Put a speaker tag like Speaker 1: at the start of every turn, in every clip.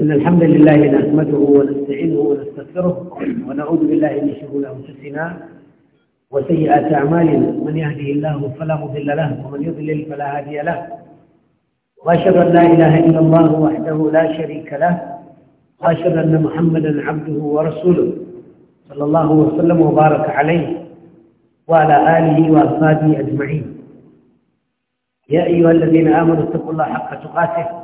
Speaker 1: إن الحمد لله نحمده
Speaker 2: ونستعينه ونستغفره ونعوذ بالله من شرور أنفسنا وسيئات أعمالنا من يهده الله فلا مضل له ومن يضلل فلا هادي له وأشهد أن لا إله إلا الله وحده لا شريك له وأشهد أن محمدا عبده ورسوله صلى الله وسلم وبارك عليه وعلى آله وأصحابه أجمعين يا أيها الذين آمنوا اتقوا الله حق تقاته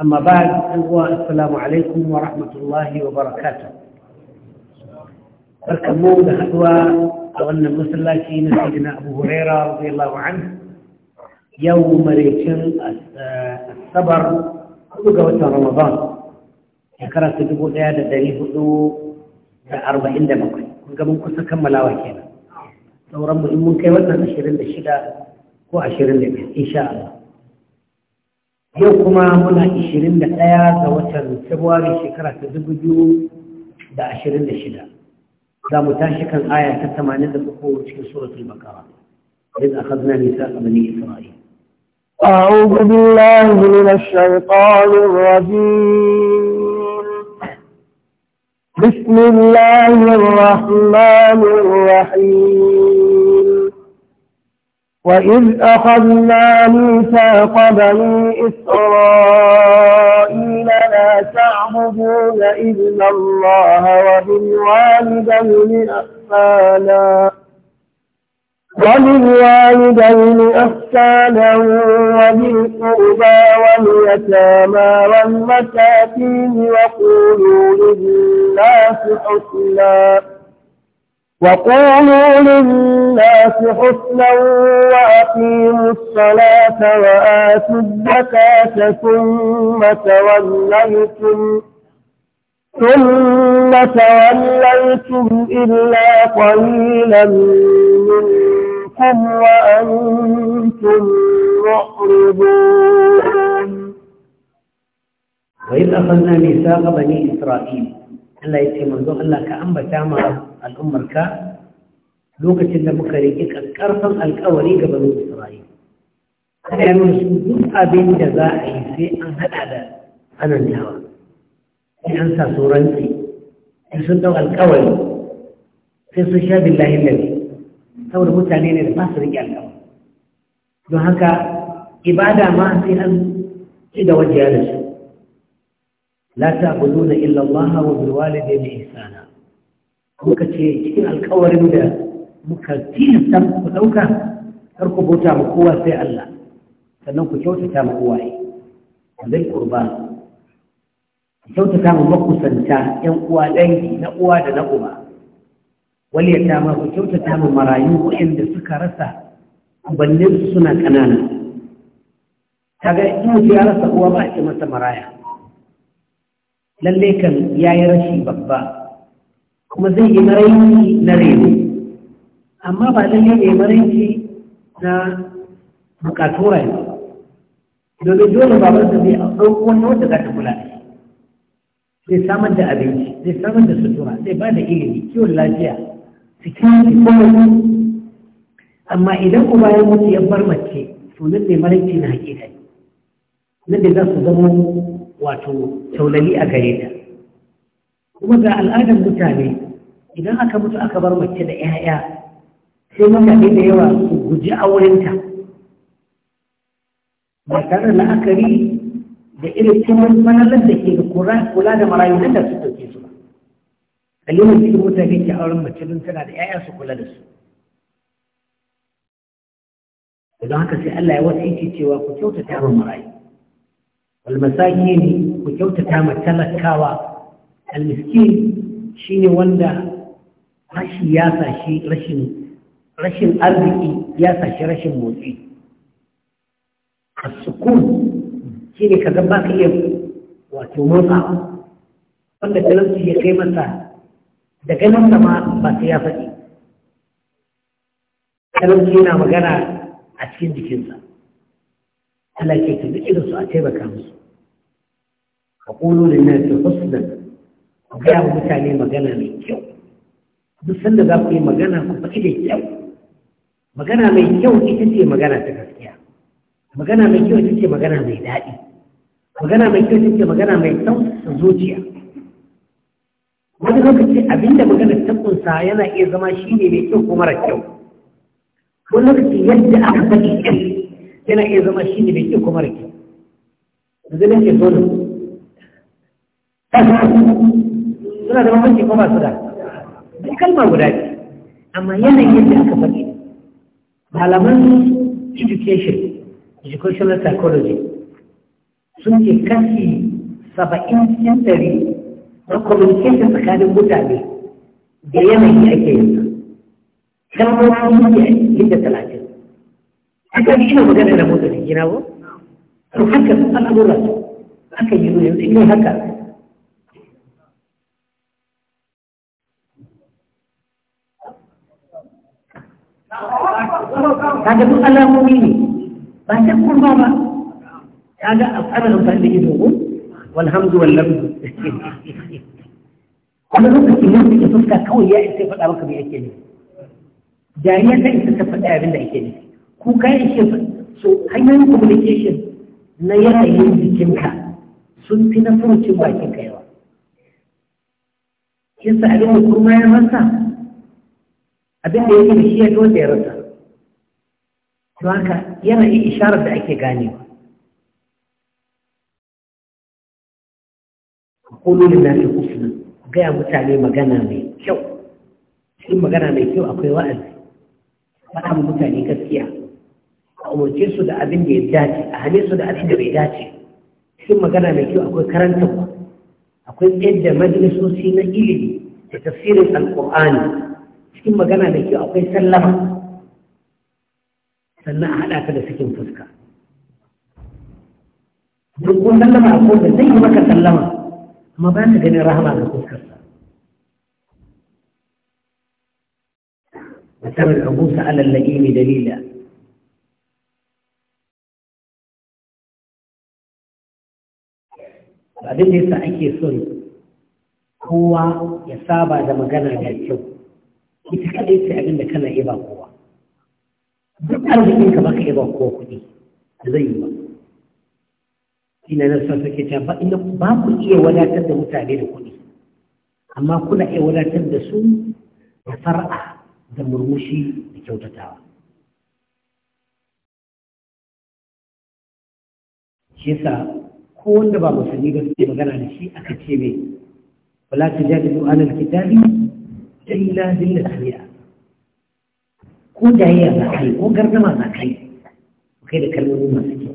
Speaker 2: أما بعد السلام عليكم ورحمة الله وبركاته فالكمون بحثوى أولنا مسلاتي نسيدنا أبو هريرة رضي الله عنه يوم ريتن الصبر كل رمضان shekara ta dubu ɗaya da dari hudu da arba'in da bakwai kun ga kusa kammalawa kenan sauran mu in mun kai watan ashirin da shida ko ashirin da biyar yau kuma muna 21 ga watan Fabrairu shekara ta 2026 za mu tashi kan aya ta 83 cikin suratul baqara إذ أخذنا ميثاق بني إسرائيل أعوذ بالله من الشيطان الرجيم
Speaker 3: بسم الله الرحمن الرحيم وإذ أخذنا ميثاق بني إسرائيل لا تعبدون إلا الله وبالوالدين إحسانا وبالوالدين إحسانا وبالقربي واليتامى والمساكين وقولوا للناس حسنا وقولوا للناس حسنا وأقيموا الصلاة وآتوا الزكاة ثم توليتم ثم توليتم إلا قليلا منكم وأنتم معرضون
Speaker 2: وإذ أخذنا ميثاق بني إسرائيل الله يتيم الله كأنبتا ما al'ummarka lokacin da muka riƙe ƙarfin alƙawari ga banu Isra'ila kada ya nuna duk abin da za a yi sai an haɗa da tsanantawa sai an sa su rantsi sai sun ɗau alƙawari sai sun sha billahi lalle saboda mutane ne da ba su riƙe alƙawari don haka ibada ma sai an ci da wajiya da su la ta'buduna illa Allah wa bil walidayni ihsana muka ce cikin alkawarin da muka tilasta ku ɗauka kar ku bauta ma kowa sai Allah sannan ku kyautata ma uwaye zai kurba ku kyautata ma makusanta ƴan uwa dangi na uwa da na uba wal ma ku kyautata ma marayu waɗanda suka rasa ubannin suna ƙanana kaga in mutum ya rasa uwa ba a ce masa maraya lallai kan ya yi rashi babba kuma zai yi maraiki na reno amma ba lalle ne maraici na bukatu ne domin dole ba da zai a ɗauko wani wanda za ta kula da zai samar da abinci zai samar da sutura zai ba da ilimi kiwon lafiya
Speaker 1: cikin komai
Speaker 2: amma idan ku bayan mutu ya bar mace to nan ne maraici na hakika nan da za su zama wato taulali a gare ta kuma ga al'adar mutane idan aka mutu aka bar mace da 'ya'ya sai mutane da yawa su guji aurenta ba tare da la'akari da irin cikin manalar da ke kula da marayu da su ɗauke su ba kalilin cikin mutane ke auren mace don tana da 'ya'ya su kula da su Idan haka sai Allah ya wasu cewa ku kyautata ma marayu walmasaki ne ku kyautata ma talakawa almiskin shine wanda fashi ya sashi rashin rashin arziki ya sashi rashin motsi a sukun shi ne ka gaba ka iya wato motsa wanda talauci ya kai masa da ganin sama ba sai ya faɗi talauci yana magana a cikin jikinsa Allah ke ka duk su a taimaka musu ka ƙolo da nan ta husnan gaya wa mutane magana mai kyau duk sanda za ku yi magana ku faɗi da kyau magana mai kyau ita ce magana ta gaskiya magana mai kyau ita ce magana mai daɗi magana mai kyau ita ce magana mai tausasa zuciya wani lokaci abinda magana ta kunsa yana iya zama shi ne mai kyau ko mara kyau wani lokaci yadda aka faɗi kyau yana iya zama shi ne mai kyau ko mara kyau da zai ke zo da suna da mamanci ko ba su da da kalma guda ce amma yanayin yadda aka faɗi malaman education educational psychology sun ce kashi saba'in cikin ɗari na communication tsakanin mutane da yanayi ake yanzu kalmomi ne yadda talatin aka yi ina magana da motsa jiki na ba to haka sun al'amura su aka yi nuna yanzu ne haka kaga duk alamomi
Speaker 1: ne ba ta
Speaker 2: kurma ba kaga a tsarin fadin ido ko walhamdu wallahu wani lokacin yau da fuska kawai ya isa faɗa maka mai ake ne jariya ta isa ta faɗa abin da ake ne kuka ya ce so hanyoyin communication na yanayin jikinka sun fi na furucin bakinka yawa. sa abin da kurma ya rasa
Speaker 1: abin da yake da shi ya dole ya rasa don haka yana yi isharar da ake ganewa kulolin na fi husna gaya mutane magana mai kyau cikin magana mai
Speaker 2: kyau akwai wa'azi ba mutane gaskiya a umarce su da abin da ya dace a hane su da abin da bai dace cikin magana mai kyau akwai karantarwa akwai yadda majalisoci na ilimi da tafsirin alkur'ani cikin magana da kyau akwai sallama sannan a haɗa ka da cikin fuska duk kun sallama a kowace zai yi maka sallama amma ba ka ganin rahama ga fuskarsa
Speaker 1: وترى abusa على mai dalila abin da yasa ake son kowa ya saba da magana da kyau
Speaker 2: ita kaɗai ce abin da kana iya ba kowa duk arzikin ka baka iya ba kowa kuɗi da zai yi ba ina na sa suke ta ba ina ba ku iya wadatar da mutane da kuɗi amma kuna iya wadatar da su da fara'a,
Speaker 1: da murmushi da kyautatawa shi yasa ko wanda ba musulmi ba suke magana da shi aka ce
Speaker 2: mai wala tujadilu alal kitabi illa dilla ahliya ko da ya ba kai ko gardama ba kai, kai da kalmomi masu kyau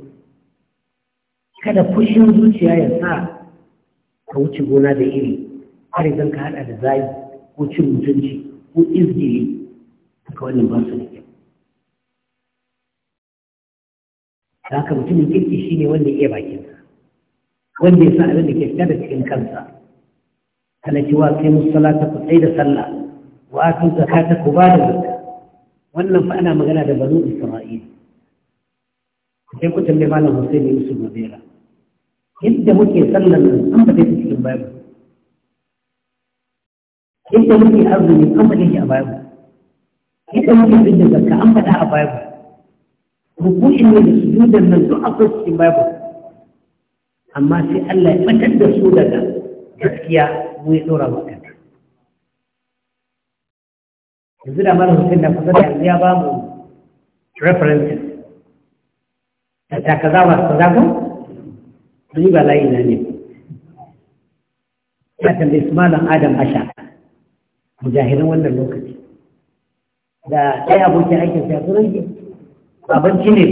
Speaker 2: kada fushin zuciya ya sa ka wuce gona da iri har idan ka haɗa da zai ko cin mutunci ko izgili
Speaker 1: haka wannan ba su da kyau
Speaker 2: da haka mutumin kirki shi ne wanda iya bakinsa wanda ya sa abin da ke fita da cikin kansa kana cewa kai musu salata ku tsaye da sallah wa atu zakata ku ba da zakka wannan fa ana magana da banu isra'ila sai ku tambaye malam Hussein Yusuf Mabera yadda muke sallan nan an fada ta cikin Bible yadda muke azumi an fada shi a Bible
Speaker 1: yadda muke fidda zakka an faɗa
Speaker 2: a Bible rukunin ne da sujudan nan duk akwai cikin Bible amma sai Allah ya fitar da su daga gaskiya mu ya dora maka yanzu da mara hussein da kusa da yanzu ya ba mu da ta kaza ba su zaka ni ba layi na ne ya tambayi su malam adam asha mujahirin wannan lokaci da ɗaya abokin ake sai sunan ji babanci ne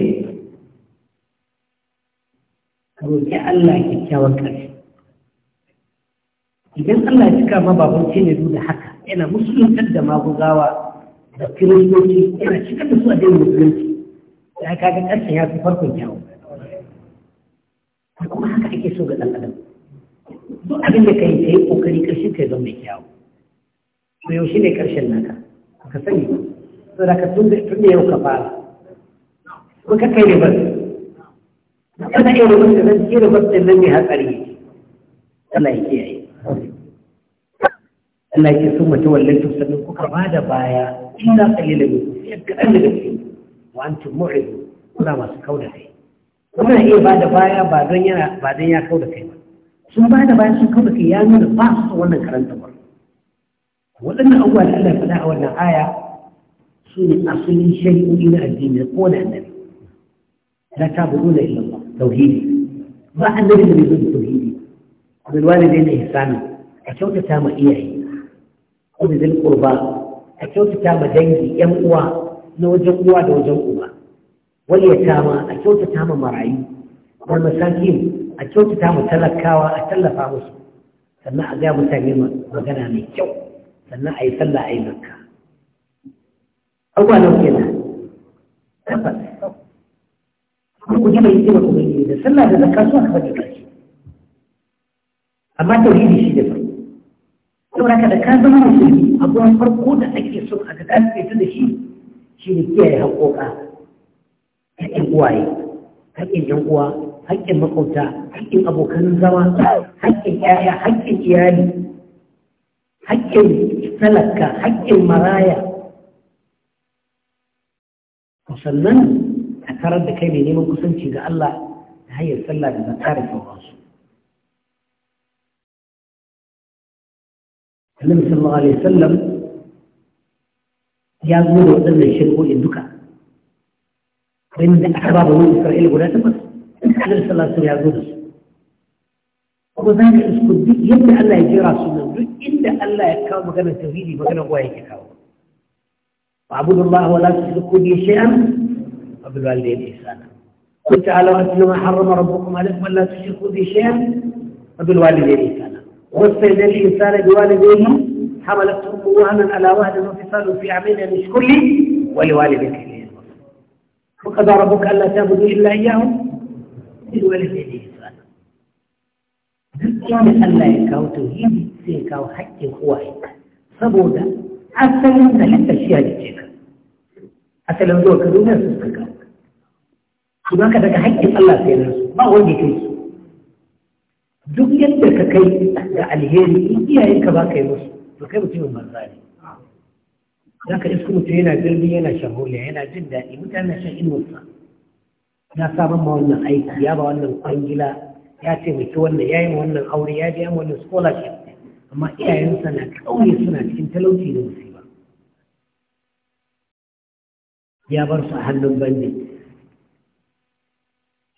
Speaker 2: ka roƙi Allah kyakkyawan ƙarshe idan Allah ya cika ma babanci ne da haka yana musuluntar da magugawa da kiristoci yana cikin da su a daidai musulunci ya kaga ƙarshen ya fi farkon ko kuma haka ake so ga ɗan adam duk abin da kai kai kokari ƙarshen kai zama mai kyawu to yaushe ne ƙarshen naka ka sani to da ka tun da tun yau ka fara ko ka kai ribar kana iya ribar da nan iya ribar da nan ne hatsari Allah ya kiyaye Allah ke sun mace wallaitu sannan kuka ba da baya ina kalila ne sai kaɗan daga cikin wa an tun mu'in kuna masu kauda kai kuna iya ba da baya ba don yana ba don ya kauda kai ba sun ba da baya sun kauda kai ya nuna ba su wannan karanta ba waɗannan abubuwa da Allah faɗa a wannan aya su ne asalin shari'o'i na addini da kowane annabi la ta buɗu da illallah tauhidi ba annabi da bai zo da tauhidi abin wani dai na ihsani a kyautata ma iyaye kuma zil qurba a kyautata ma dangi yan uwa na wajen uwa da wajen uba wal yatama a kyautata ma marayu wal masakin a kyautata ma talakawa a tallafa musu sannan a ga mutane magana mai kyau sannan a yi sallah a yi zakka abubuwa nan kenan
Speaker 1: tabbas ku ji mai yi da sallah da zakka su aka faɗi ƙarshe amma tauhidi
Speaker 2: shi da saboda da ka zama musulmi abuwan farko da ake so a ga kafe ta da shi shi ne kiyaye haƙoƙa haƙƙin uwaye haƙƙin yan uwa haƙƙin makauta haƙƙin abokan zama haƙƙin ƴaƴa haƙƙin iyali haƙƙin talaka haƙƙin maraya sannan a tarar da kai ne neman kusanci
Speaker 1: ga Allah da hanyar sallah da zakka da sauransu النبي صلى الله عليه وسلم يا زوج أن يشربوا الدكا وإن أحباب من إسرائيل ولا
Speaker 2: تبص أنت على صلى الله عليه وسلم أبو ذاك أسكت بي يبدا الله يجي راسه من إن الله يكاو مكان التوحيدي مكان هو يكاو وعبد الله ولا تشركوا به شيئا وبالوالدين إحسانا قل تعالى واتلوا ما حرم ربكم عليكم ولا تشركوا به شيئا وبالوالدين إحسانا وصل لي رسالة لوالديهم حملت أمه وهنا على وهن الانفصال في عملها لشكر لي ولوالدك فقد ربك ألا تعبدوا إلا إياه بالوالدين يوم الله يكاو توهيم سيكاو حق الخواهي صبودا
Speaker 1: أسلم تحت الشيء لتيك
Speaker 2: أسلم دور كدو ان كاو كما كدك حق الله سيكاو ما هو ديكيس duk yadda ka kai da alheri in ka ba ka yi musu to kai mutumin banza ne za ka iska mutum yana birni yana shan holiya yana jin daɗi mutane na shan inuwarsa ya saban ma wannan aiki ya ba wannan kwangila ya taimaki wannan ya yi wannan aure ya biya wannan scholarship amma iyayensa na ƙauye suna cikin talauci da musiba ya bar su a hannun bandit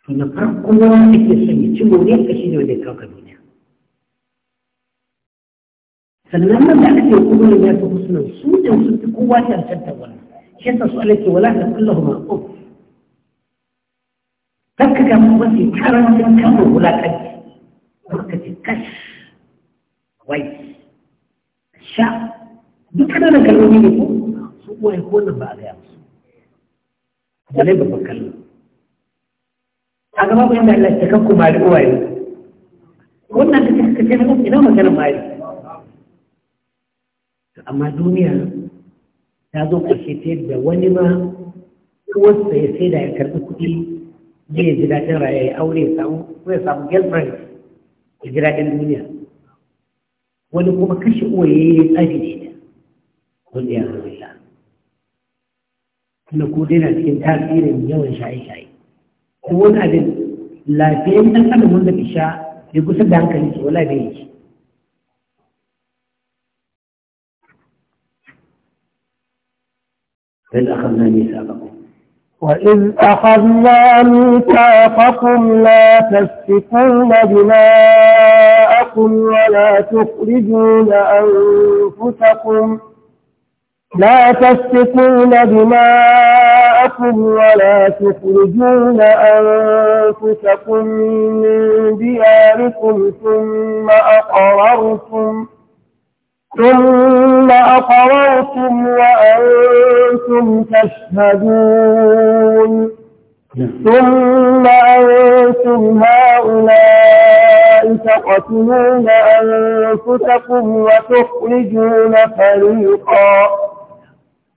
Speaker 1: to na farko wanda ake son ya ci moriyar ka shine wanda ya kawo ka duniya sannan nan da aka ake kuma ne ya fi nan su da su fi kowa
Speaker 2: cancanta wannan shi yasa su alake wala ta kullahu ma'qub kakka ga mu mafi karancin kamar wulakanci ka ce kash wai
Speaker 1: sha duk da ƙananan kalmomi ne ko su
Speaker 2: uwaye ko nan ba a gaya musu da ne babban kallon. a gaba ku inda Allah ya kan ku mali uwaye wannan da kake kace na ina magana mali amma duniya ta zo ƙarshe ta yadda wani ma uwarsa ya sai da ya karɓi kuɗi zai ji daɗin rayuwa ya aure ya samu ko ya samu girlfriend ya ji daɗin duniya wani kuma kashe uwaye ya tsari ne da wanda ya rubuta kuma ko dai na cikin tasirin yawan shaye-shaye ko wani abin lafiyayyen ɗan adam wanda bai sha bai kusa da hankali ce wala bai yi إذ أخذنا ميثاقكم
Speaker 1: وإذ أخذنا
Speaker 3: ميثاقكم لا تسفكون دماءكم ولا تخرجون أنفسكم لا تسفكون دماءكم دينكم ولا تخرجون أنفسكم من دياركم ثم أقررتم ثم أقررتم وأنتم تشهدون ثم أنتم هؤلاء تقتلون أنفسكم وتخرجون فريقا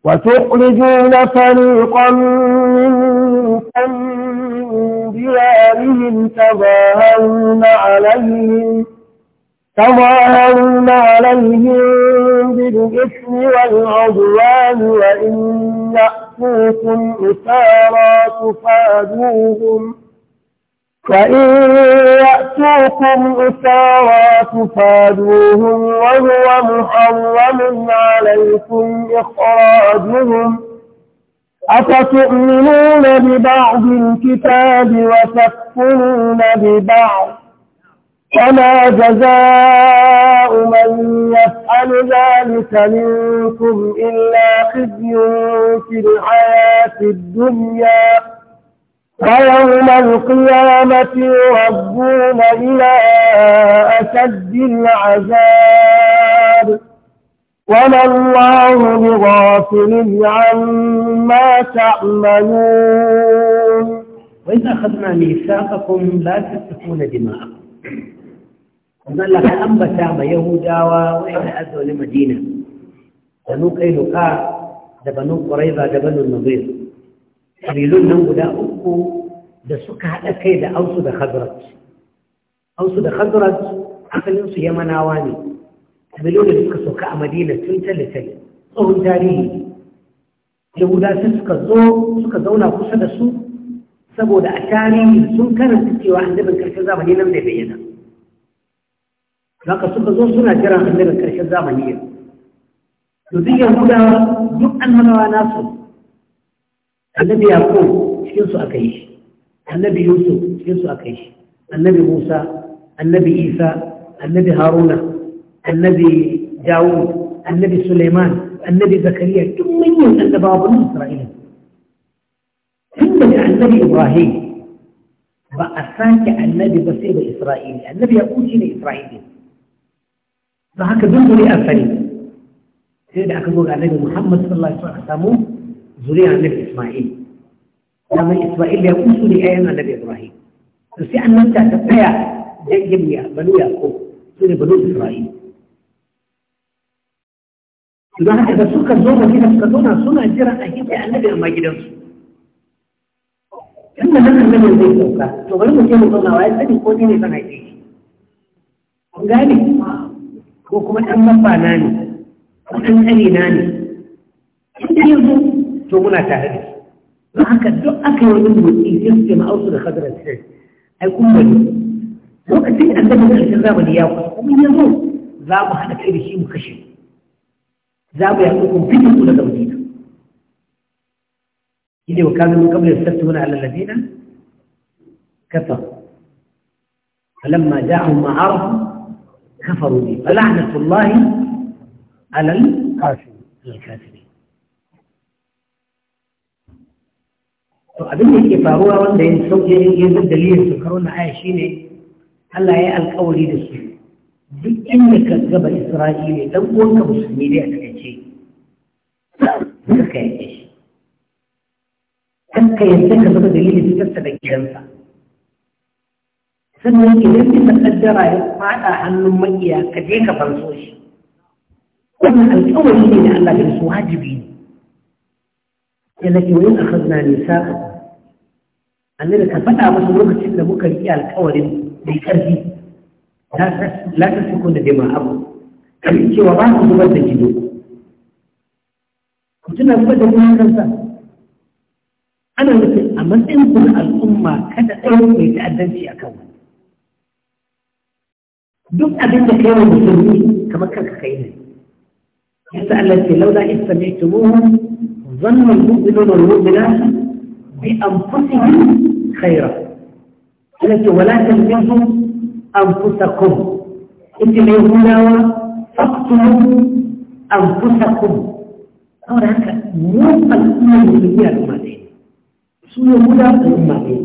Speaker 3: وتخرجون فريقا منكم من ديارهم تظاهرون عليهم تظاهرون عليهم بالإثم والعدوان وإن يأتوكم أسارى تفادوهم فإن يأتوكم أسارا تفادوهم وهو محرم عليكم إخراجهم أفتؤمنون ببعض الكتاب وتكفرون ببعض فما جزاء من يفعل ذلك منكم إلا خزي في الحياة الدنيا ويوم القيامة يردون إلى أشد العذاب وما الله بغافل عما تعملون وإذا أخذنا
Speaker 2: ميثاقكم لا تسفكون دماءكم ومن لك أنبى شعب يهودا وإذا أذوا لمدينة بنوك إيه لقاء ده بنوك قريبة بنو النظير kabilun nan guda uku da suka haɗa kai da ausu da khazrat ausu da khazrat asalinsu yamanawa ne kabilun da suka sauka a madina tun tale tsohon tarihi yahuda sun suka zo suka zauna kusa da su saboda a tarihi sun karanta cewa annabin karshen zamani nan zai bayyana zaka suka zo suna jiran annabin karshen zamani yau to duk yahudawa
Speaker 1: duk annabawa
Speaker 2: nasu النبي يقول شكين سؤال كيش النبي يوسف شكين سؤال كيش النبي موسى النبي إيسى النبي هارون النبي داوود النبي سليمان النبي زكريا كل من يهد النبي أبو نصر النبي النبي إبراهيم بأسانك النبي بسيب إسرائيل النبي يقول شيء إسرائيل فهك دلدل أفري سيدنا أكبر النبي محمد صلى الله عليه وسلم زريع النبي Ismail kamar Ismail ya kusu da yayin annabi Ibrahim to sai annabta ta tsaya dangin ya banu Yaqub su ne banu Isra'il
Speaker 1: idan haka da suka zo Madina suka zauna suna jiran a gidan annabi amma gidansu inda nan annabi zai
Speaker 2: sauka to bari mu je mu zauna wai sani ko ne zan haife shi kun gane ko kuma dan mabana ne ko dan na ne inda yanzu to muna tare da shi don haka duk aka yi wani motsi sai su ce ma'ausu da kadar sai ai kun bari lokacin an gaba da ƙarshen zamani ya kusa kuma ya zo za mu haɗa kai da shi mu kashe za mu yaƙi kun fitin ku daga madina shi ne wa kazo mun kamar yadda tattu wani alalabina kafa falamma ja'ahum ma arafu kafaru bi fala'natullahi alal الكافرين to abin da yake faruwa wanda ya sauke ya zai dalilin su karo na aya shine Allah ya alkawari da su duk inda ka gaba Isra'ila dan uwanka musulmi dai a takaice suka ya shi
Speaker 1: kan ka yadda ka zama dalilin
Speaker 2: fitarsa da gidansa sannan idan bisa kaddara ya fada hannun makiya ka je ka fanso shi wannan alkawari ne da Allah da su wajibi ne التي lokacin da muka yi alƙawarin mai سنة مكرئي ta بكرهي لا تسكن دماءكم kan cewa ba ku zubar da jido ku tuna zubar da kuma kansa ana nufin a matsayin ku na al'umma kada ɗaya mai ta'addanci a kan wani duk abin da kai wa musulmi kamar kanka kai ne yasa Allah ce laula in sami'tumuhu ظن المؤمنون والمؤمنات
Speaker 1: بأنفسهم خيرا التي ولا تلمزوا أنفسكم أنت اليهودا فاقتلوا أنفسكم أولا هكا مو الأمة المسلمية الأمتين سوى يهودا الأمتين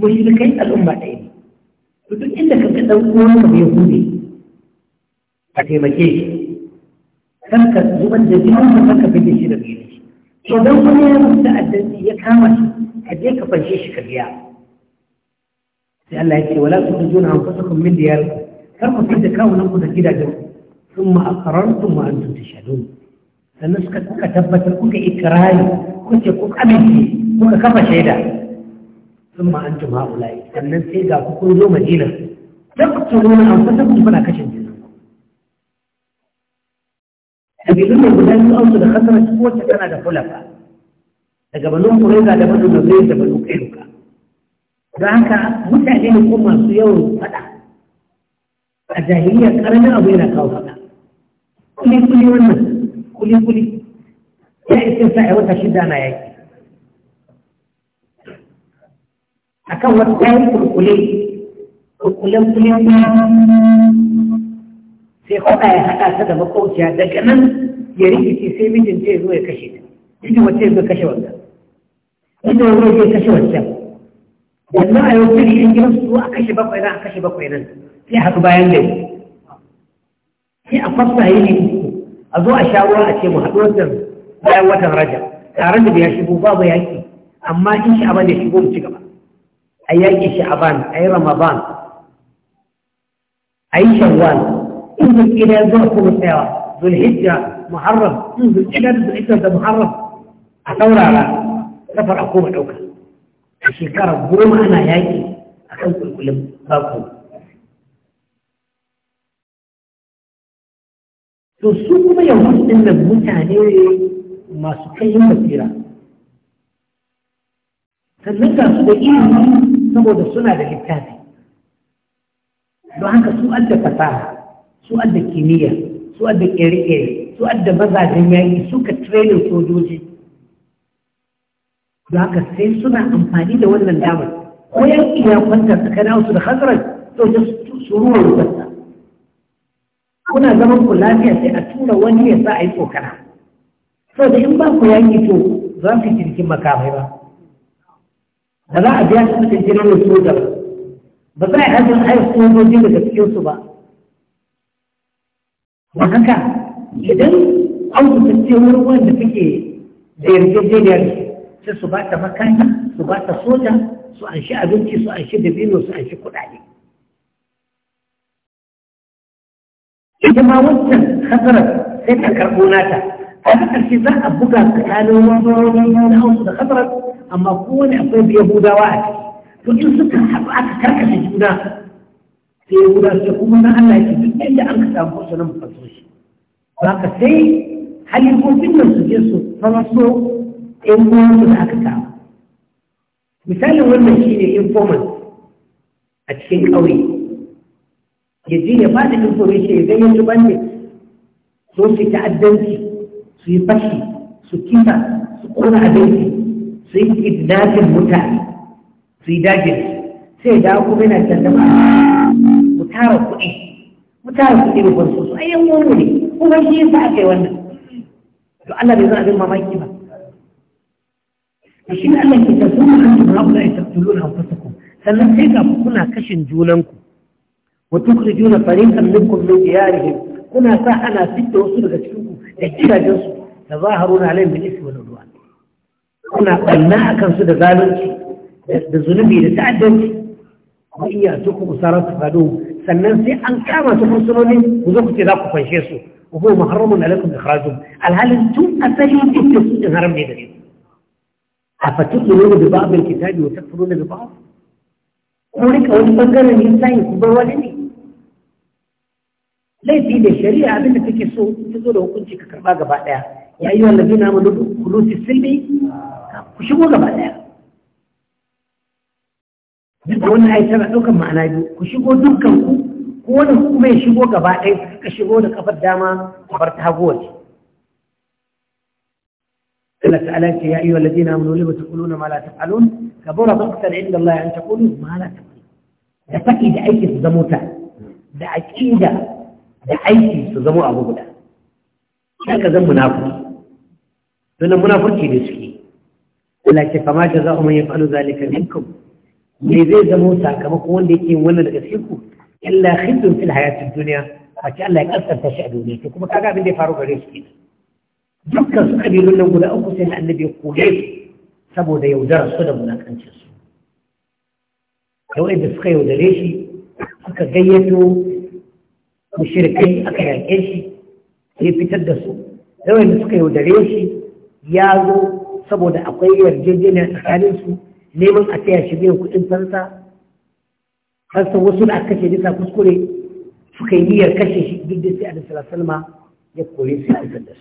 Speaker 1: مشركي
Speaker 2: الأمتين بدون إنك كتنقوم بيهودي هكا karka هكا da jinin da karka fide shi da gini to don wani ya mutu ta'addanci ya kama shi ka je ka fanshe shi ka biya sai Allah ya ce wala su juna an fasa kun min diyar kar ku fita kawunan ku da gidajen sun ma sun ma an tuntu shadun sannan suka kuka tabbatar kuka ikirari kuce ku amince kuka kafa shaida sun ma an tuma sannan sai ga ku kun zo madina tabbata wani an fasa kun kuna kashin ƙabilun da guda biyu ausu da kasar su wacce tana da kulafa daga balon kureza da banu da zai da banu kailuka don haka mutane ne kuma masu yawan faɗa a jahiliya ƙaramin abu yana kawo faɗa kuli kuli wannan kuli kuli ya isa sa a wata shida na yaki
Speaker 1: akan wata yayin kurkule kurkulen kuli
Speaker 2: sai kuma ya haɗa ta da makwauciya daga nan ya rikici sai mijin ce zuwa ya kashe ta inda wace zai kashe wannan
Speaker 1: inda ya zo ya kashe wancan
Speaker 2: wannan a yau tiri in gidan su a kashe bakwai nan a kashe bakwai nan sai haɗu bayan gari sai a fasta yi ne a zo a sha ruwa a ce mu haɗu wannan bayan watan raja tare da ya shigo babu yaƙi amma in sha'aban ya shigo mu ci gaba a yaƙi sha'aban a yi ramadan a yi shawwal انزل الى ذوقكم السيارة ذو الهجة محرم انزل الى ذو الهجة ده محرم
Speaker 1: هتورى على سفر حكومة أوكا الشكارة بروما أنا ياكي اخوك كل باكم to su kuma yahud ما nan mutane masu kayan
Speaker 2: basira sannan ga su da ilimi saboda suna su adda kimiyya su adda ƙere-ƙere su adda mazajen yaƙi suka training sojoji da haka sai suna amfani da wannan damar ko yaƙi iya kwanta tsakanin su da hazarar to ta suruwar kuna zaman ku lafiya sai a tura wani ya sa a yi tsokana so da in ba ku yaƙi to za su yi jirgin makamai ba Da za a biya su da jirgin soja ba za a yi hajjin ayyukan sojoji daga cikinsu ba da haka idan an kusance wurin wanda suke da yarjejeniyar sai su ba ta makani su ba ta soja su an abinci su an shi
Speaker 1: dabino su an shi kuɗaɗe ita ma wancan hasarar sai ta karɓo nata a ƙarshe za a buga tsakanin
Speaker 2: wani na hausa da hasarar amma kowane akwai biya budawa a ciki to in suka haɗu aka karkashe juna sai ya guda sai kuma na Allah yake duk inda an ka samu su nan fasu shi ba ka sai halifofin nan su je su faraso ɗan su da aka samu misalin wannan shi ne informant a cikin ƙauye ya je ya ba da information ya ga yanzu bandit so su ta'addanci su yi fashi su kisa su kona abinci su yi kidnapping mutane su yi dajin sai ya dawo kuma yana canza ba mu tara kuɗi mu tara kuɗi mu bar su su ayyan mu ne kuma shi yasa aka yi wannan to Allah bai zan abin mamaki ba to shi ne Allah ke ta sun an tuma ku da ita tulun anfusakum sannan sai ga kuna kashin junanku juna farin kan tukhrijuna fariqan ya min diyarihim kuna sa ana fitta wasu daga cikin ku da gidajensu da zaharuna alayhim bil ismi wani ruwa?
Speaker 4: kuna banna akan su da zalunci
Speaker 2: da zunubi da ta'addanci wa iya tuku usarar tafadu sannan sai an kama su fursunoni ku zo ku ce za ku fanshe su ku ko muharramun alaikum ikhrajum alhalin tun asali da su din haram ne da ku a fatu'minu bi ba'd al-kitabi wa da bi ba'd
Speaker 1: ne ka wani bangare ne littafin ku bar wani ne laifi da
Speaker 2: shari'a abin da take so ta zo da hukunci ka karba gaba daya ya yi wa labina mu dubu kulusi silbi ku shigo gaba daya duk da wannan aisha na ɗaukar ma'ana biyu ku shigo dukkan ku ko wani kuma ya shigo gaba ɗaya suka shigo da kafar dama kafar ta hagu wace Allah ta'ala ce ya ayyuhal ladina amanu lima taquluna ma la taf'alun kabura da inda Allah an taqulu ma la taf'alun da faɗi da aiki su zamo ta da aqida da aiki su zamo abu guda sai ka zan munafiki to nan munafurci ne suke Allah ce za ma mun yi yaf'alu zalika minkum me zai zama sakamakon wanda yake yin wannan daga cikin ku illa khidun fil hayatid dunya ce Allah ya kaskanta shi a duniya to kuma kaga abin da ya faru gare shi dukkan su kabilun nan guda uku sai annabi ya kore su saboda yaudara su da munakancin su yawai da suka yaudare shi aka gayyato mushrikai aka yaƙe shi ya fitar da su yawai da suka yaudare shi ya zo saboda akwai yarjejeniya tsakanin su neman a taya shi biyan kuɗin sansa har san wasu da aka kashe nisa kuskure suka yi niyyar kashe shi duk da sai a nasarar salma ya kore su a da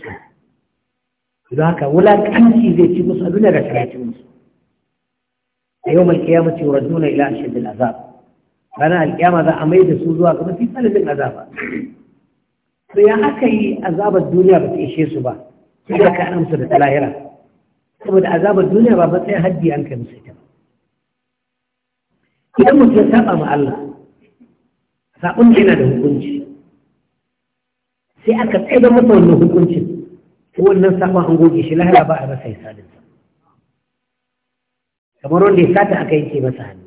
Speaker 2: su don haka kanci zai ci musu abin da ga ci musu a yau mai kiyama ce wa duna ila ashadin azab ranar alkiyama za a mai da su zuwa kuma mafi tsananin azaba to ya aka yi azabar duniya ba ta ishe su ba sai da ka amsa da ta lahira saboda azabar duniya ba matsayin haddi an kai musu ita idan mutum ya saba ma Allah sabon yana da hukunci sai aka tsaye da masa wannan hukuncin wannan sabon an goge shi lahira ba a rasa da sa kamar wanda ya sata aka yanke masa hannu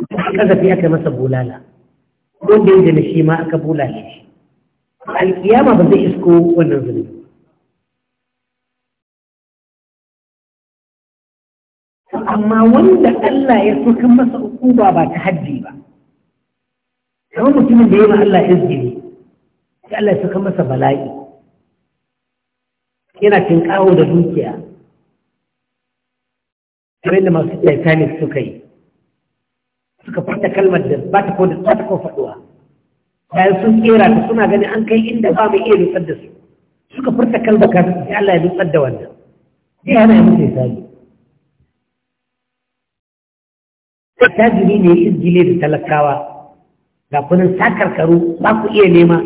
Speaker 2: ko aka masa bulala wanda ya na shi ma aka bulale shi
Speaker 1: alkiyama ba zai isko wannan zunubi amma wanda Allah ya sukan masa ukuba ba ta haddi ba kamar mutumin da ya ma Allah izgiri
Speaker 2: sai Allah ya sukan masa bala'i yana tinkawo da dukiya kamar yadda masu titanic suka yi suka fata kalmar da ba ta kodin da ba ta faduwa bayan sun kera ta suna ganin an kai inda ba mai iya nutsar da su suka furta kalmar kasu sai Allah ya nutsar da wannan sai yana yi mutu ya sami tajiri ne izgile da talakawa ga kunin sakarkaru ba ku iya nema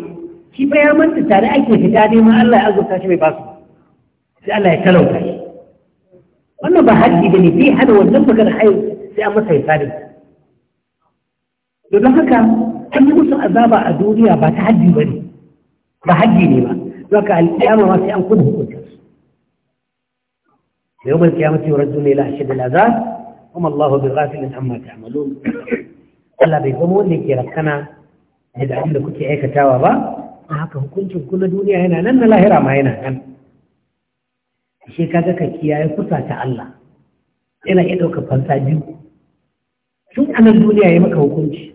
Speaker 2: shi fa ya manta tare ake fita nema Allah ya azurta shi bai basu sai Allah ya talauta shi wannan ba haƙƙi ba ne bai hana wannan magana hayo sai an masa hisabi don haka an yi musu azaba a duniya ba ta haji ba ne ba haji ne ba don haka alƙiyama ma sai an kudu hukunta su da yawan kiyama ce wa rajulai la ashidul azab kuma Allahu bi ghafilin amma ta'malun Allah bai zama wanda ke rakana da abin da kuke aikatawa ba haka hukuncin ku na duniya yana nan na lahira ma yana nan shi kaga ka kiyaye kusa ta Allah yana iya fansa biyu tun anan duniya ya maka hukunci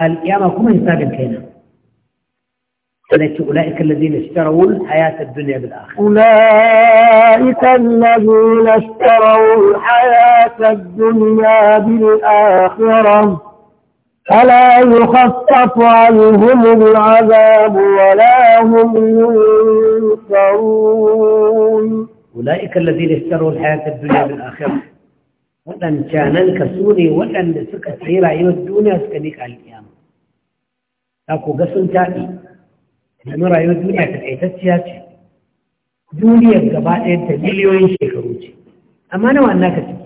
Speaker 2: alƙiyama kuma hisabin kaina التي أولئك الذين اشتروا الحياة الدنيا بالآخرة أولئك
Speaker 3: الذين اشتروا الحياة الدنيا بالآخرة فلا يخفف عنهم العذاب
Speaker 2: ولا هم ينصرون أولئك الذين اشتروا الحياة الدنيا بالآخرة وأن كان كسوني وأن سكت حيرا يوى الدنيا سكنيك على القيامة أكو قسم تائي domin rayuwar duniya ta kaitacciya ce duniyar gaba ɗaya ta miliyoyin shekaru ce amma nawa an ka ciki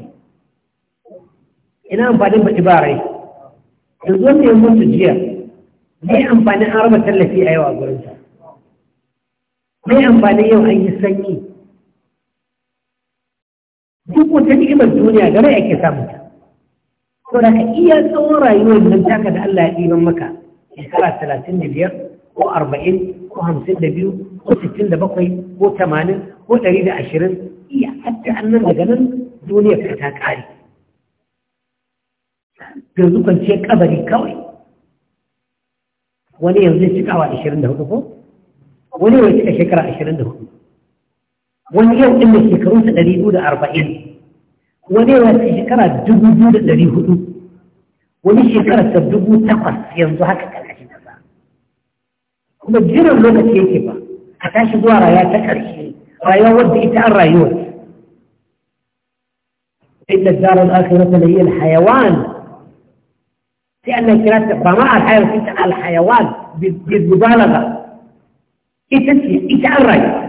Speaker 2: ina amfanin baɗi ba rai yanzu wanda ya mutu jiya mai amfanin an raba tallafi a yau a gurin sa?
Speaker 1: mai amfanin yau an yi sanyi duk wata ni'imar duniya da rai ake samun ta ko da ka iya
Speaker 2: tsawon rayuwar nan taka da Allah ya ɗiban maka shekara talatin da biyar ko arba'in ko hamsin da biyu ko sittin da bakwai ko tamanin ko ɗari da ashirin iya hadda annan daga nan duniya ka ta ƙare yanzu ce kabari kawai wani yanzu ya cika wa ashirin da hudu ko wani ya cika shekara ashirin da hudu wani yau ɗin da shekarunsa ɗari da arba'in wani yau ya shekara dubu da ɗari hudu wani shekarar ta dubu takwas yanzu haka kuma jiran lokaci yake ba a tashi zuwa raya ta ƙarshe rayuwa wadda ita an rayuwa inda darar akhirata la hiya alhayawan
Speaker 1: sai Allah kira ta ba ma alhayawan ita
Speaker 2: alhayawan bi mubalagha ita ce ita an rayuwa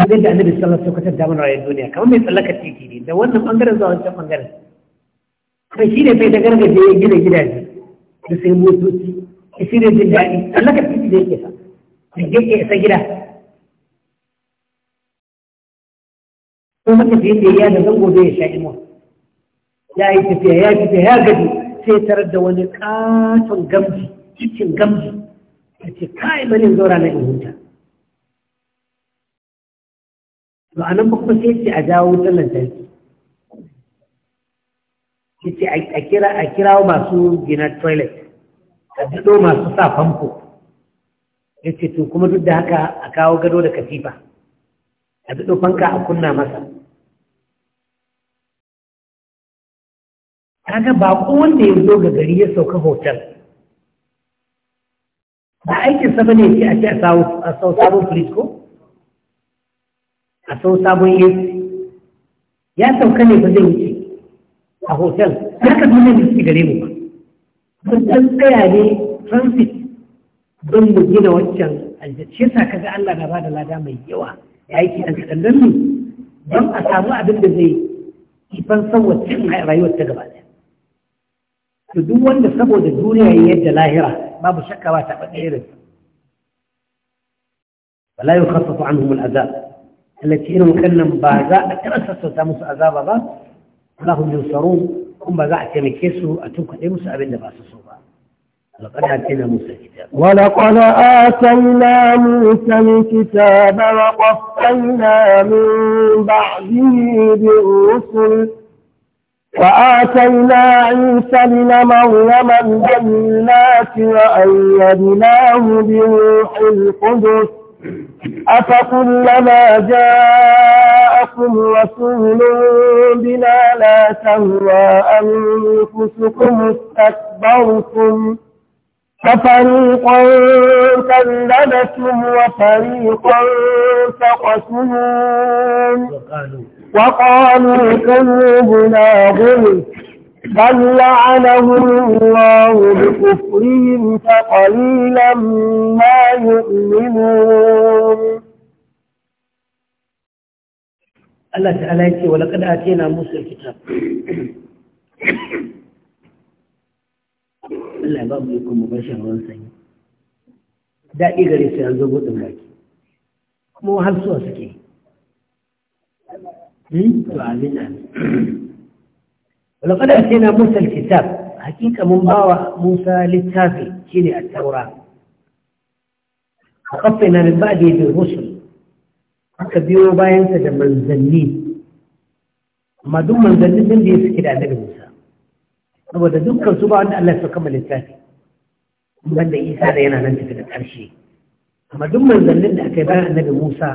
Speaker 2: abin da annabi sallallahu alaihi wasallam da mana rayuwar duniya kamar mai tsallaka titi ne da wannan bangaren zuwa wancan bangaren kai shi ne bai da gargaje ya gina gidaje da sai motoci
Speaker 1: ki shirya jin daɗi Allah ka titi da yake sa da yake isa gida ko maka sai da ya da zango ya sha inuwa
Speaker 2: ya yi tafiya ya tafiya ya gaji sai tarar da wani katon gamji cikin gamji
Speaker 1: ta ce kai mani zaura na in huta to anan ba kuma sai ce a jawo wutar lantarki
Speaker 2: yace a kira a kira masu gina toilet a dido masu sa famfo yace to kuma duk da haka a kawo gado da katifa
Speaker 1: a dido fanka a kunna masa kaga ba ko wanda ya zo ga gari ya sauka hotel
Speaker 2: ba aikin sa bane ce a ci a sau sabon frisco ko a sau sabon AC ya sauka ne ba zai wuce a hotel ya ka nuna da suke gare mu ba
Speaker 1: sun ɗan tsaya ne
Speaker 2: transit don mu gina waccan aljace sa, kaga Allah na bada lada mai yawa ya yi ke kaɗan don mu don a samu abin da zai kifan san waccan rayuwar ta gaba ɗaya to duk wanda saboda duniya ya yadda lahira babu shakka ba ta faɗa irin wala yukhaffafu anhum al'azab allati irin kannan ba za a taɓa sassauta musu azaba ba لهم ينصرون هم za a أتوك su a tunkuɗe musu abin لقد
Speaker 3: موسى الكتاب
Speaker 2: ولقد آتينا موسى الكتاب
Speaker 3: وقفينا من بعده بالرسل وآتينا عيسى بن مريم الجنات وأيدناه بروح القدس أفكلما جاءكم رسول بما لا تهوى أنفسكم استكبرتم ففريقا كذبتم وفريقا تقتلون وقالوا قلوبنا غلف بل لعنهم الله بكفرهم
Speaker 2: فقليلا ما يؤمنون الله تعالى يتي ولقد آتينا موسى الكتاب الله باب لكم مباشرة وانسين دائما يصير سيانزو بوتم لكي كمو هل سوى سكي هم؟ تعالينا ولقد أتينا موسى الكتاب حقيقة من باوى موسى للتافي شيني التوراة وقفنا من بعده بالرسل aka biyo bayansa da manzanni amma duk manzannin din da suke da annabi Musa saboda dukkan su ba wanda Allah ya saka littafi banda Isa da yana nan tafi da ƙarshe amma duk manzannin da aka yi bayan annabi Musa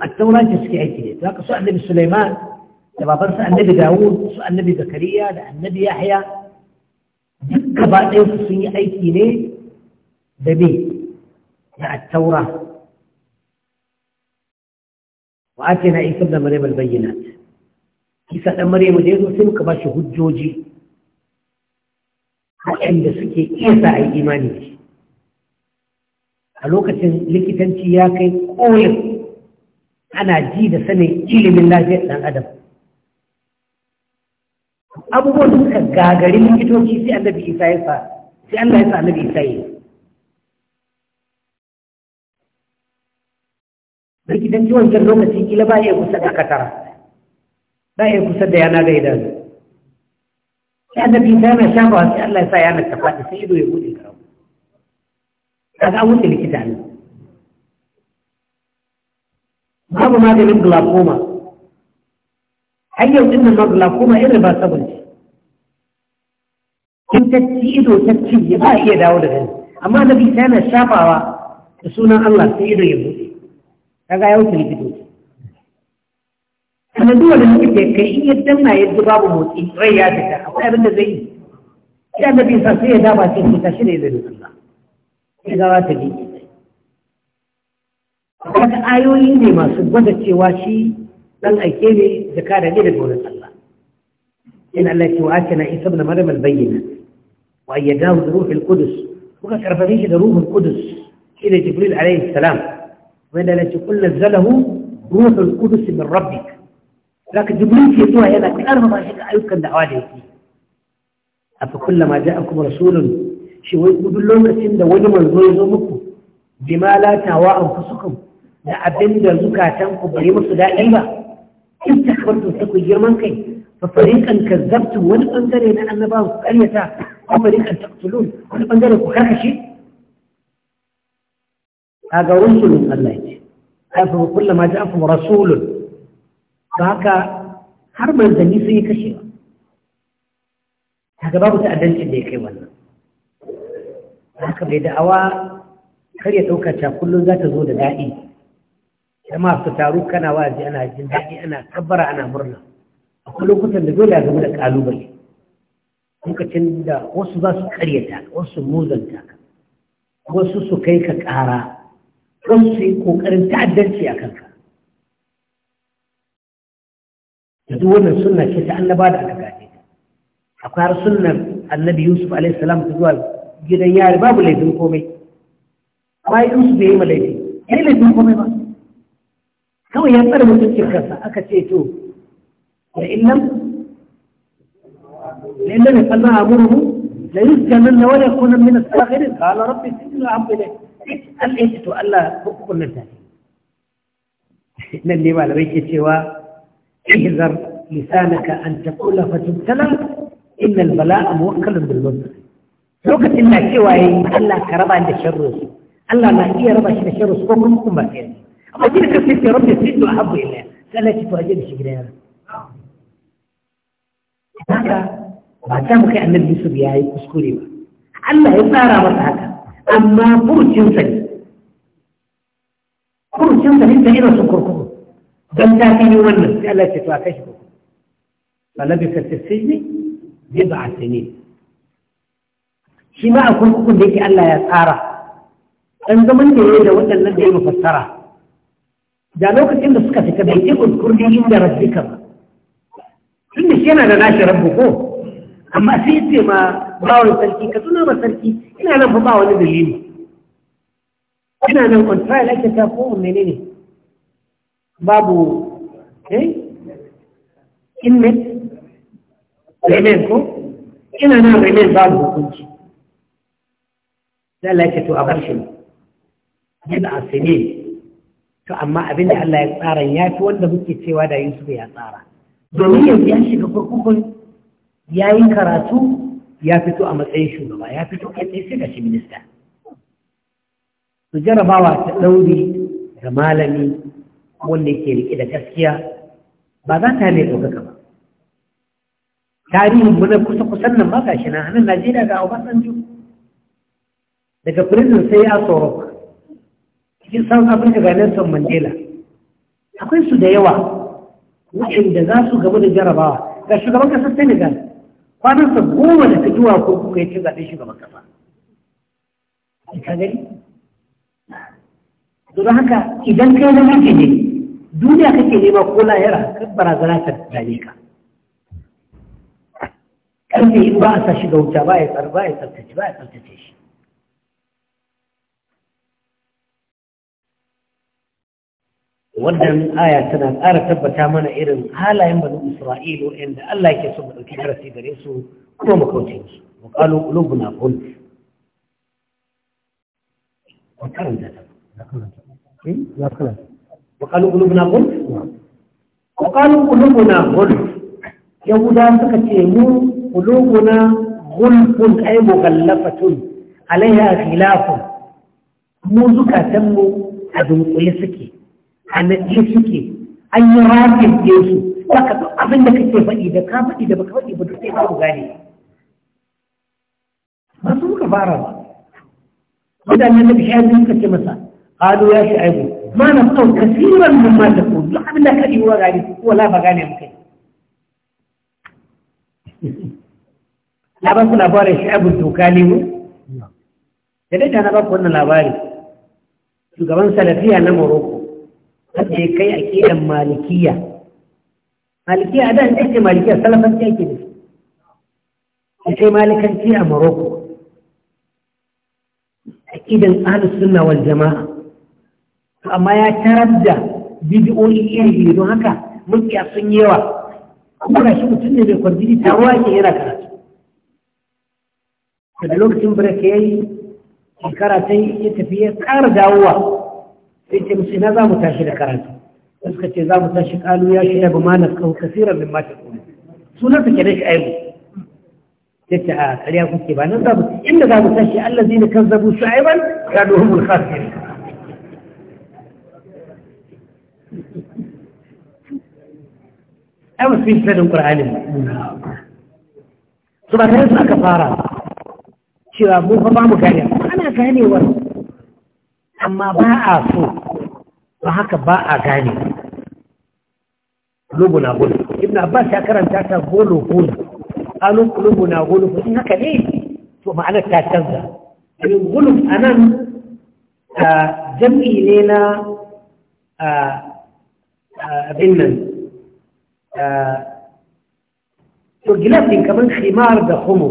Speaker 2: a taura suke aiki ne to aka annabi Sulaiman da babansa annabi dawud su annabi zakariya da annabi yahya duk gaba su sun yi aiki ne da bi da attaura wa ake na isa da maryam albayyinat isa ɗan maryam da yazo sai muka ba shi hujjoji waɗanda suke iya sa a yi imani a lokacin likitanci ya kai koyar ana ji da sanin ilimin lafiyar ɗan adam abubuwan da suka gagari likitoci sai annabi isa ya sai Allah
Speaker 1: ya sa annabi isa ya likitanci wancan lokaci kila ba ya kusa da katara ba ya kusa da yana
Speaker 2: da idan sai annabi isa yana shafa sai Allah ya sa yana ta faɗi sai ido ya bude karo kaga an wuce likita ne babu maganin glaucoma Hanyar yau din nan glaucoma irin ba sabon ce in ta ci ido ta ci ba iya dawo da gani amma annabi ta tana shafawa da sunan Allah sai ido ya bude kaga ya wuce likitoci sannan duk wanda suke kai in yadda na yadda babu motsi rai ya fita akwai abin da zai yi ya annabi bi sai ya daba ce ta shi ne zai Allah kaga gawa ta bi Wata ayoyi ne masu gwada cewa shi dan aike ne da kare ne da wurin Allah. In Allah ce wa ake na isa na maryam bayyana. وأيداه بروح القدس وكان كرفغيش روح القدس إلى جبريل عليه السلام وإن التي قل نزله روح القدس من ربك لكن جبريل في zuwa هنا كل أربع شيء أيوك كان دعواته أفكلما جاءكم رسول shi wai kudu lokacin da wani manzo ya zo muku bima la tawa an fusukum da abin da zukatan ku bari musu daɗi ba in ta girman kai fa fariqan wani bangare na annabawan ku karyata. kuma ne an taktulun wani bangare ku karkashe kaga rusulun Allah yake kafin kullama ja'akum rasulun ba haka har manzanni sun yi kashewa kaga babu ta'addancin da ya kai wannan haka mai da'awa kar ya ɗauka ta zata zo da daɗi jama'a su taru kana wa'azi ana jin daɗi ana kabbara ana murna akwai lokutan da dole a gaba da ƙalubale lokacin da wasu za su karyata wasu muzanta ka wasu su kai ka ƙara don su yi ƙoƙarin ta'addanci a kanka da duk wannan suna ce ta annaba da aka gaje ta akwai har sunnar annabi yusuf alaihi salam ta zuwa gidan yari babu laifin komai amma yusuf bai yi ma laifi
Speaker 1: ya yi laifin komai ba
Speaker 2: kawai ya tsara mutuncin kansa aka ce to da illan لأن النبي قال ما لا ليسجنن ولا يكون من الساخرين قال ربي سجن أحب إليه اسأل إنت ألا بكم من ذلك نبي وعلى بيك سوى احذر لسانك أن تقول فتبتلى إن البلاء موكل بالمنطق لوك إلا سوى ألا كربا عند الشر ألا ما هي ربا شنا الشر سكوكم كم بأسين
Speaker 1: أما تلك السيد
Speaker 2: ربي سجن أحب إليه سألت تهجر شكرا هذا ba ta mu kai annabi Yusuf ya yi kuskure ba Allah ya tsara masa haka amma burcinsa ne burcinsa ne da irin su kurkuku don ta fi yi wannan sai Allah ce to a kashi kurkuku falabi ka tafi ne zai ba a sani shi ma a kurkukun da yake Allah ya tsara Dan zaman da ya yi da waɗannan da ya mafassara da lokacin da suka fita bai ce kurkurni inda rabbika ba tun da shi yana da nashi rabbu ko amma sai ce ma bawon sarki ka tuna ba sarki ina nan ba wani dalili ina nan on trial ake ta ko menene
Speaker 1: babu eh inmate remain ko ina nan remain babu hukunci
Speaker 2: sai Allah ya to a bar shi yana asini to amma abin da Allah ya tsara ya fi wanda muke cewa da Yusuf ya tsara domin yanzu ya shiga kurkukun ya yi karatu ya fito a matsayin shugaba ya fito kai tsaye sai shi minista su jarabawa ta ɗauri da malami wanda ke riƙe da gaskiya ba za ta ne ɗaukaka ba tarihin mu na kusa-kusan nan ba ga shi na hannun najeriya ga obasanjo daga prison sai ya tsoro cikin south africa ga nelson mandela akwai su da yawa waɗanda za su gaba da jarabawa ga shugaban ƙasar senegal kwanansa goma da ta zuwa ko kuka yi cin zaɓen shugaban kasa ka gani don haka idan kai da ke ne duniya kake nema ko layara kan barazana ta dame ka
Speaker 1: Ƙarfe in ba a sa
Speaker 2: shiga wuta ba ya tsar ba ya tsaftace tsaftace shi wannan aya tana ƙara tabbata mana irin halayen banu isra'ilu inda Allah yake so mu ɗauki darasi gare su kuma mu kauce su wa qalu qulubuna qul wa karanta ta hmm? ya karanta wa qalu qulubuna qul
Speaker 1: wa qalu qulubuna
Speaker 2: yahuda suka ce mu qulubuna gulfun ay mughallafatun alaiha khilafun mu zukatan mu a dunkule suke annabci suke an yi rafin su baka ka abin da kake faɗi da ka faɗi da baka faɗi ba duk sai ba ku gane ba su muka fara ba mutane na shi ne suka ce masa halu ya shi aibu ma na kawo kasiran mu ma da ku duk abinda da ka yi wa gane ko wala ba gane mu Labarin ku labarin shi aibu doka ne mu da dai ta na ba ku wannan labari shugaban salafiya na morocco wanda ya kai aƙidan malikiya malikiya da ne ce malikiya salafanci ake da su sai malikanci a morocco aƙidan ahlus suna wal jama'a amma ya tarar da bidiyoyi iri iri don haka mulkiya sun yi yawa kuma ga shi mutum ne mai kwarjini taruwa ke yana karatu da lokacin birka ke yi shekara ta yi ya tafi ya ƙara dawowa sai ce musu za mu tashi da karatu ce za mu tashi kalu ya shi yabi manas kawo kasirar min mata kuma sunan kenan shi aibu ce a karya kuke ba nan za mu inda za mu tashi allah zai kan zabu su aiban ya dohun ne ai musu yi ƙur'anin su ba tare su aka fara cewa mu fa ba mu gane ana ganewar amma ba a so ba haka ba a gane kulubuna gulu ibn abbas ya karanta ta gulu gulu alun na gulu in haka ne to ma'anar ta canza domin gulu a nan jam'i ne na abin nan to gilas din kamar khimar da humu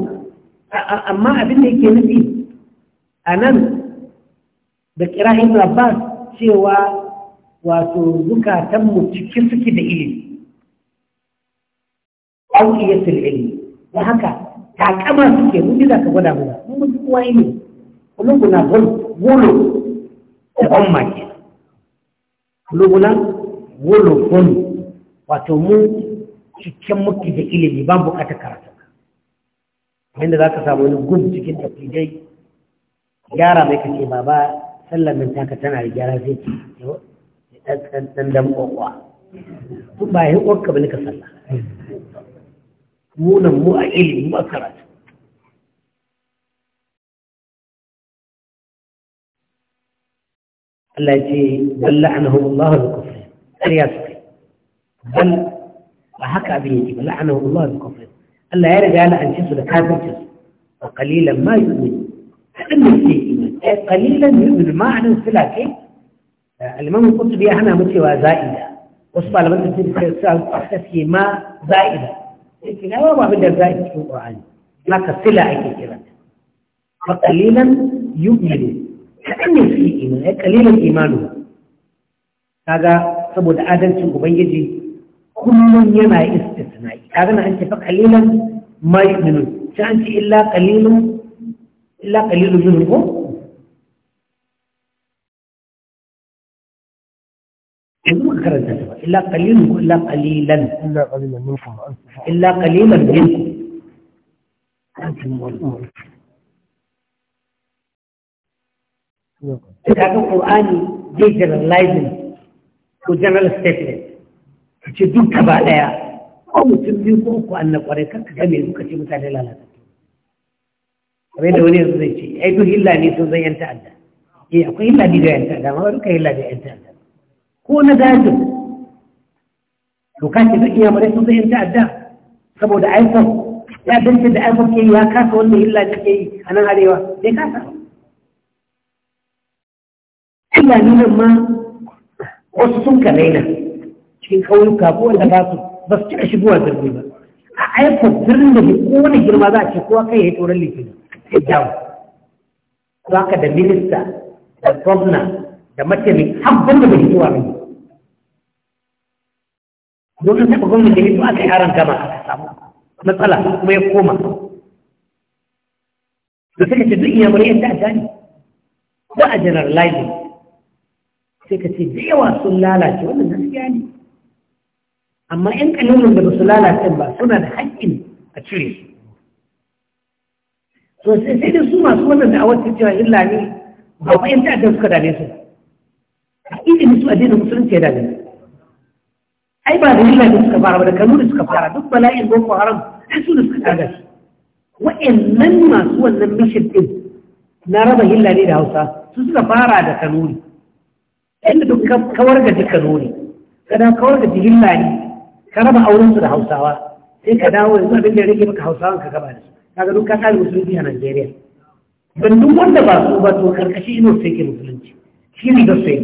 Speaker 2: amma abin da yake nufi a nan da kira ibn abbas cewa wato zukatanmu cikin suke da ilimi auƙiyatul ilimi da haka takama suke mun za ka gwada mu mun yi kowa ilimi kulubuna wolo da ban maki guna wolo wolo wato mu cikin muke da ilimi ba bukatar karatu yadda za ka samu wani gum cikin tafidai gyara mai kace baba sallar taka tana da gyara sai ce ɗan dan ƙwaƙwa ba yin ƙwaƙka ba nika sallah
Speaker 1: munan mu a ilimi mu a karatu Allah ce balla an hau Allah da kufri ƙarya su kai bal ba haka abin yake balla an hau Allah
Speaker 2: da kufri Allah ya riga la'anci su da kafircin su wa qalilan ma yu'min hadin da suke imani eh qalilan yu'min ma'anan sila kai alman kutubi ya hana mu cewa za'ida wasu malaman da suke sa suke ma za'ida yake na ba abin da za'i cikin qur'ani na sila ake kira fa qalilan yu'minu kadan ne su imani ai qalilan imanu kaga saboda adalcin ubangiji kullum yana istisna'i kaga na an ce fa
Speaker 1: qalilan ma yu'minu sai an ce illa qalilun illa qalilun minhum in muka karanta ta ba illa qalilun ko illa qalilan illa qalilan minkum illa
Speaker 2: qalilan minkum antum wal Ka ga Qur'ani zai generalizing ko general statement ka ce duk ba ɗaya ko mutum biyu ko uku an na kwarai kan ka game suka ce mutane lalata kamar da wani yanzu zai ce ai duk hilla ne sun zan yan ta'adda eh akwai hilla ne da yan ta'adda amma wani ka hilla da yan ta'adda ko na dajin to kake zai iya mara sun zai ta'adda saboda iphone ya dace da iphone ke yi ya kasa wanda illa da ke yi a nan arewa bai kasa illa nuna ma wasu sun ka daina cikin kawuka ko wanda ba su ba su cika shigowa zirgin ba a iphone birnin da ke kowane girma za a ce kowa kai ya yi tsoron litinin sai jawo za ka da minista da gwamna da mace mai habbin da bai zuwa mai don an taɓa gwamnati da ya aka yi aron gama aka samu matsala kuma ya koma da
Speaker 1: suka ce duk iyamurai yadda
Speaker 2: a gani ko a generalizing sai ka ce da yawa sun lalace wannan gaskiya ne amma ƴan kalilin da ba su lalace ba suna da haƙƙin a cire su so sai da su masu wannan da a wata cewa illa ne ba ba ƴan ta'adda suka dame su ba ilimin su addinin musulunci ya dame ai ba da lillahi suka fara ba da kanu da suka fara duk bala'in boko haram ai su da suka kaga shi wa'annan masu wannan mishin din na raba hillani da hausa su suka fara da kanuri inda duk kawar kanu kanuri kada kawar gaji hillani ka raba aurensu da hausawa sai ka dawo yanzu abin da ya rage maka hausawan ka gaba da su kaga duk ka kare musulunci a najeriya ban duk wanda
Speaker 1: ba su ba to karkashi ino sai ke musulunci shi ne da sai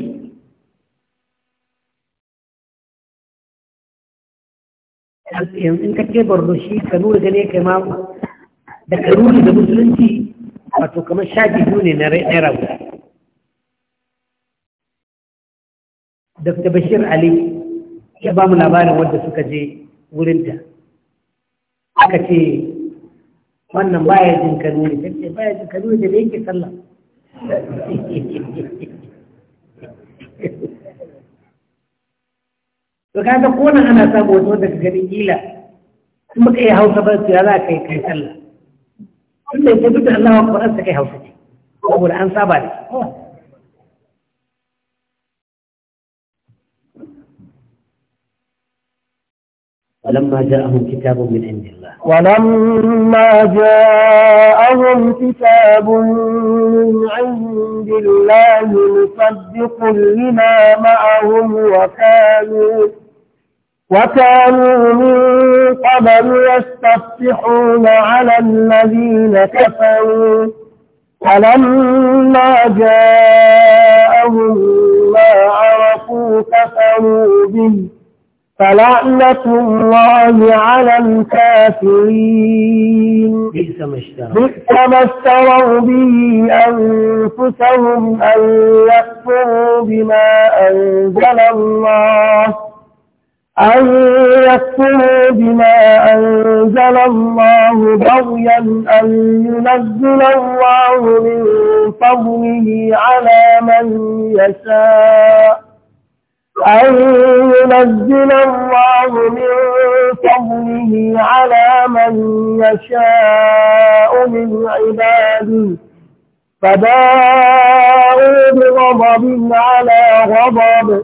Speaker 1: yanzu in ka ce borno shi ka nuna gane kai ma da ka nuna da musulunci wato kamar sha biyu ne na naira guda
Speaker 2: dr bashir ali ya ba mu labarin wadda suka je wurinta aka ce wannan baya jin kanuni ta ce baya jin kanuni da yake sallah وكانت تقول أنا سابو وتودك جديد إلا سمك إيه هاو سبت يا ذاك كي كي سلا كل إيه ولما جاءهم كتاب من عند الله
Speaker 3: ولما جاءهم كتاب من عند الله مصدق لما معهم وكانوا وكانوا من قبل يستفتحون على الذين كفروا فلما جاءهم ما عرفوا كفروا به فلعنة الله على الكافرين بئس ما اشتروا به أنفسهم أن يكفروا بما أنزل الله أن يكفروا بما أنزل الله بغيا أن ينزل الله من فضله على من يشاء أن ينزل الله من فضله على من يشاء من عباده فباءوا بغضب على غضب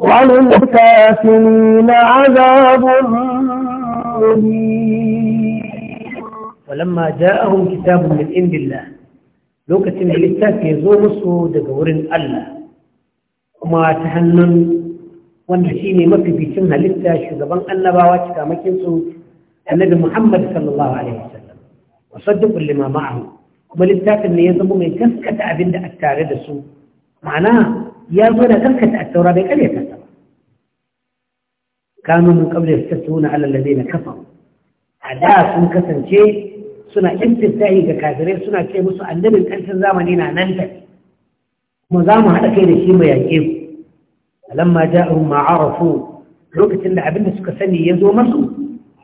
Speaker 3: وللكافرين عذاب
Speaker 2: ولما جاءهم كتاب من عند الله لوكتم للتاك يزور مصر دقور الله وما تهنن ونحيني مكي في سنة للتاش وقبل أن باواتك مكينسو النبي محمد صلى الله عليه وسلم وصدق لما معه وما للتاك أن من كنسكة أبند أكتار دسو معناه ya zo da karkata a taura bai kare ta ba kanu mun kabla su ala ladina kafaru a da sun kasance suna intisahi ga kafirai suna ce musu annabin karshen zamani na nan ta kuma za mu haɗa kai da shi mu yaƙe ku alamma ja'u ma arafu lokacin da abin da suka sani ya zo masu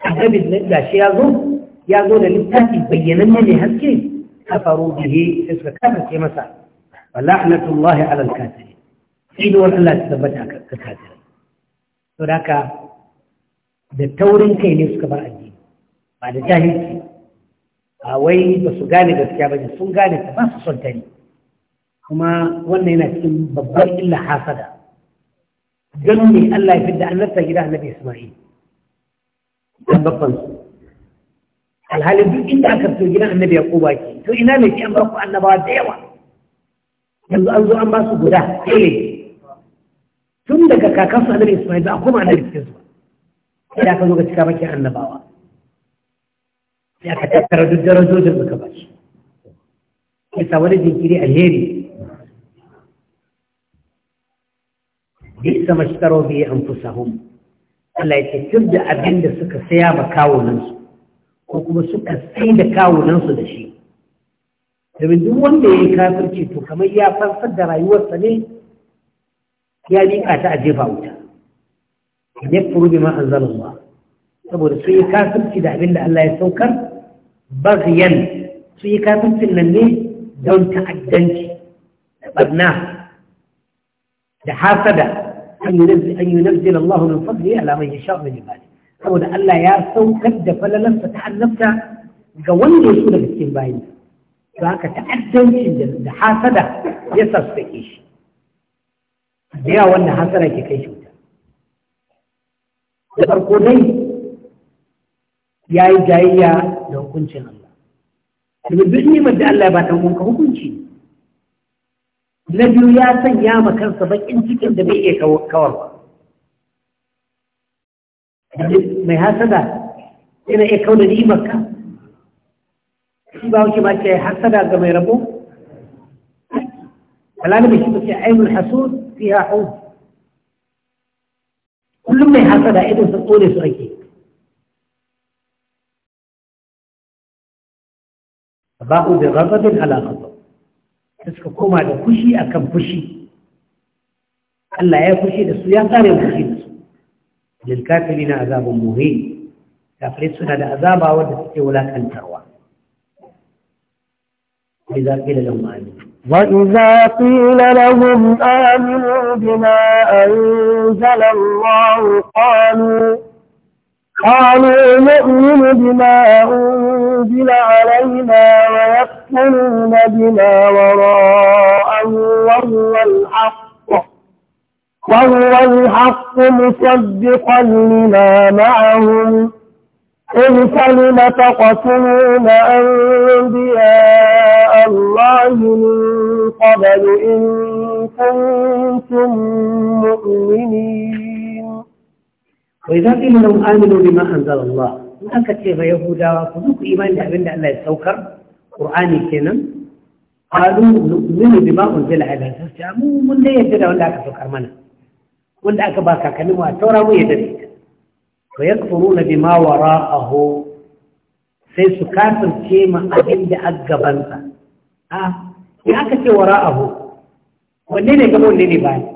Speaker 2: annabin nan gashi ya zo ya zo da littafi bayyananne mai haske kafaru bihi sai suka kasance masa wa la'natullahi alal kafirin inuwar Allah ta tabbata a kafirai to da haka da taurin kai ne suka bar addini ba da jahilci a wai ba su gane gaskiya ba ne sun gane ta ba su son ta kuma wannan yana cikin babbar illa hasada ganin ne Allah ya fidda annabta gida annabi Isma'il dan babban su alhalin duk inda aka fito gidan annabi ya koba ke to ina ne ki an ba ku annabawa da yawa yanzu an zo an ba su guda ɗaya tun daga kakansu annabi Ismail ba a koma annabi cikin su sai da aka zo ga cika bakin annabawa sai aka tattara duk darajojin da ka ba shi sa wani jinkiri alheri bi sama shitaro bi anfusahum Allah ya ce tun da abin da suka saya ma kawunansu ko kuma suka sai da kawunansu da shi domin duk wanda ya yi kafirci to kamar ya fansar da rayuwarsa ne ya miƙa ta a jefa wuta ya furu bi ma saboda sun yi kafirci da abinda Allah ya saukar baghyan sun yi kafircin nan ne don ta'addanci da barna da hasada an yunzil Allah min fadli ala man yasha min ibadi saboda Allah ya saukar da falalarsa ta annabta ga wanda ya so daga cikin bayi to haka ta'addanci da hasada ya sa shi da yawa wannan hatsara ke kai shi da farko dai ya yi jayayya da hukuncin Allah daga duk nimar da Allah ya ba ta hukunka hukunci na biyu ya sanya ma kansa bakin cikin da bai iya ba mai hasada yana iya kauna ni'imarka shi ba wuce ba ce hasada ga mai rabo فلان بيشوف في عين الحسود فيها حب
Speaker 1: كل ما يحصل إذن في الطول سعيكي فباقوا بغضب على غضب تسكو كوما دو كشي أكم كشي ألا يا كشي دسو يا
Speaker 2: قارب كشي دسو للكافرين عذاب مهين كافرين سنة عذاب ودسك ولا كان تروى إذا قيل لهم آمين وإذا قيل لهم آمنوا بما أنزل
Speaker 3: الله قالوا قالوا نؤمن بما أنزل علينا ويكفرون بما وراءه وهو الحق وهو الحق مصدقا لما معهم قل فلم تقتلون أنبياء الله من قبل إن كنتم مؤمنين
Speaker 2: وإذا قيل لهم آمنوا بما أنزل الله in aka ce ba yahudawa ku duk imani da Allah ya saukar qur'ani kenan qalu nu'minu bima unzila ala rasulina mu mun da yadda wanda aka saukar mana wanda aka ba kakanni mu a taura mu yadda da to yakfuruna bima wara'ahu sai su kafirce ma abin da aka
Speaker 1: ya
Speaker 2: aka ce wara abu wanne ne gaba wanne ne baya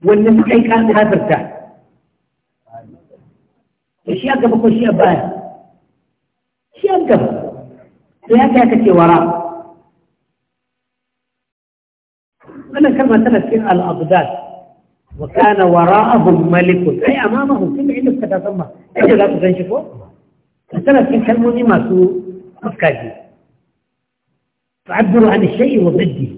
Speaker 2: wanne suka yi kan hazarta
Speaker 1: da shi a gaba ko shi a baya shi a gaba to ya ka ce wa ra'ahu
Speaker 2: wannan kalma tana cikin al'abdat وكان وراءهم ملك أي ai da za su أي shi ko فالثلاث كلموني ما سوء أفكادي فعبروا عن الشيء وضده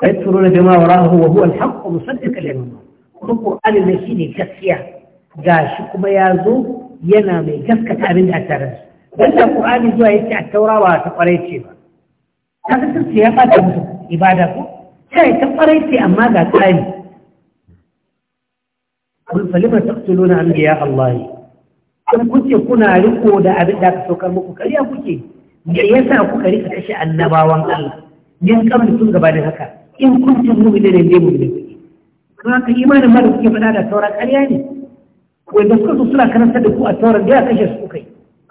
Speaker 2: فيدفرون بما وراءه وهو الحق ومصدق الإمام وقفوا على المسيح الكسية قال شكو بيازو ينامي كفكة من أترس بل القرآن يجوى يتع التوراة وتقرأ يتشيبا هذا تلسيها فاتم إبادكو شاي تقرأ يتي أما قال قل فلما تقتلون أنبياء الله kun kuke kuna riko da abin da aka saukar muku kariya kuke me yasa kari ka kashe annabawan Allah din kamar sun gaba da haka in kuntum mu'minina ne mu'minin kuke kuma ka imanin ma da kuke faɗa da sauran kariya ne wanda suka so suna karanta da ku a sauran da ya kashe su kai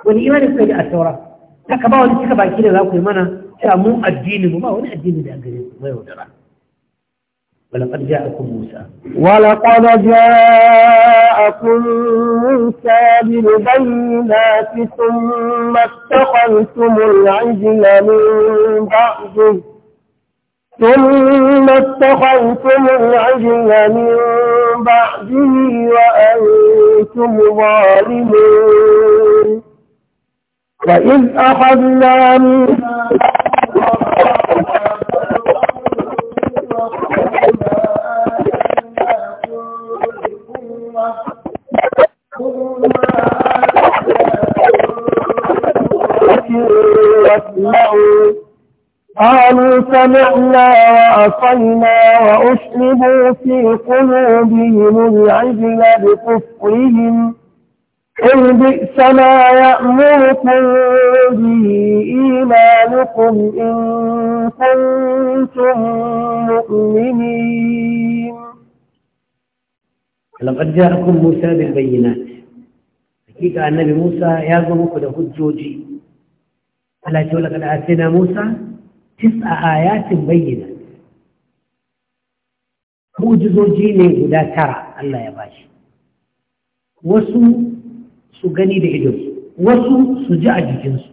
Speaker 2: wani imanin suka yi a sauran haka ba wani cika baki da za ku yi mana cewa mu addini mu ba wani addini da gare mu mai wadara ولقد جاءكم موسى
Speaker 3: ولقد جاءكم موسى بالبينات ثم اتخذتم العجل من بعده ثم اتخذتم العجل من بعده وأنتم ظالمون وإذ أخذنا من واسمعوا قالوا سمعنا وعصينا وأشربوا في قلوبهم العجل بكفرهم قل بئس ما يأمركم به إيمانكم إن كنتم مؤمنين
Speaker 2: لقد جاءكم موسى بالبينات حقيقة النبي موسى يازمك لهجوجي Allah ce wala kada sai na Musa tis'a ayatin bayyana mu'jizoji ne guda tara Allah ya bashi wasu su gani da ido, wasu su ji a jikinsu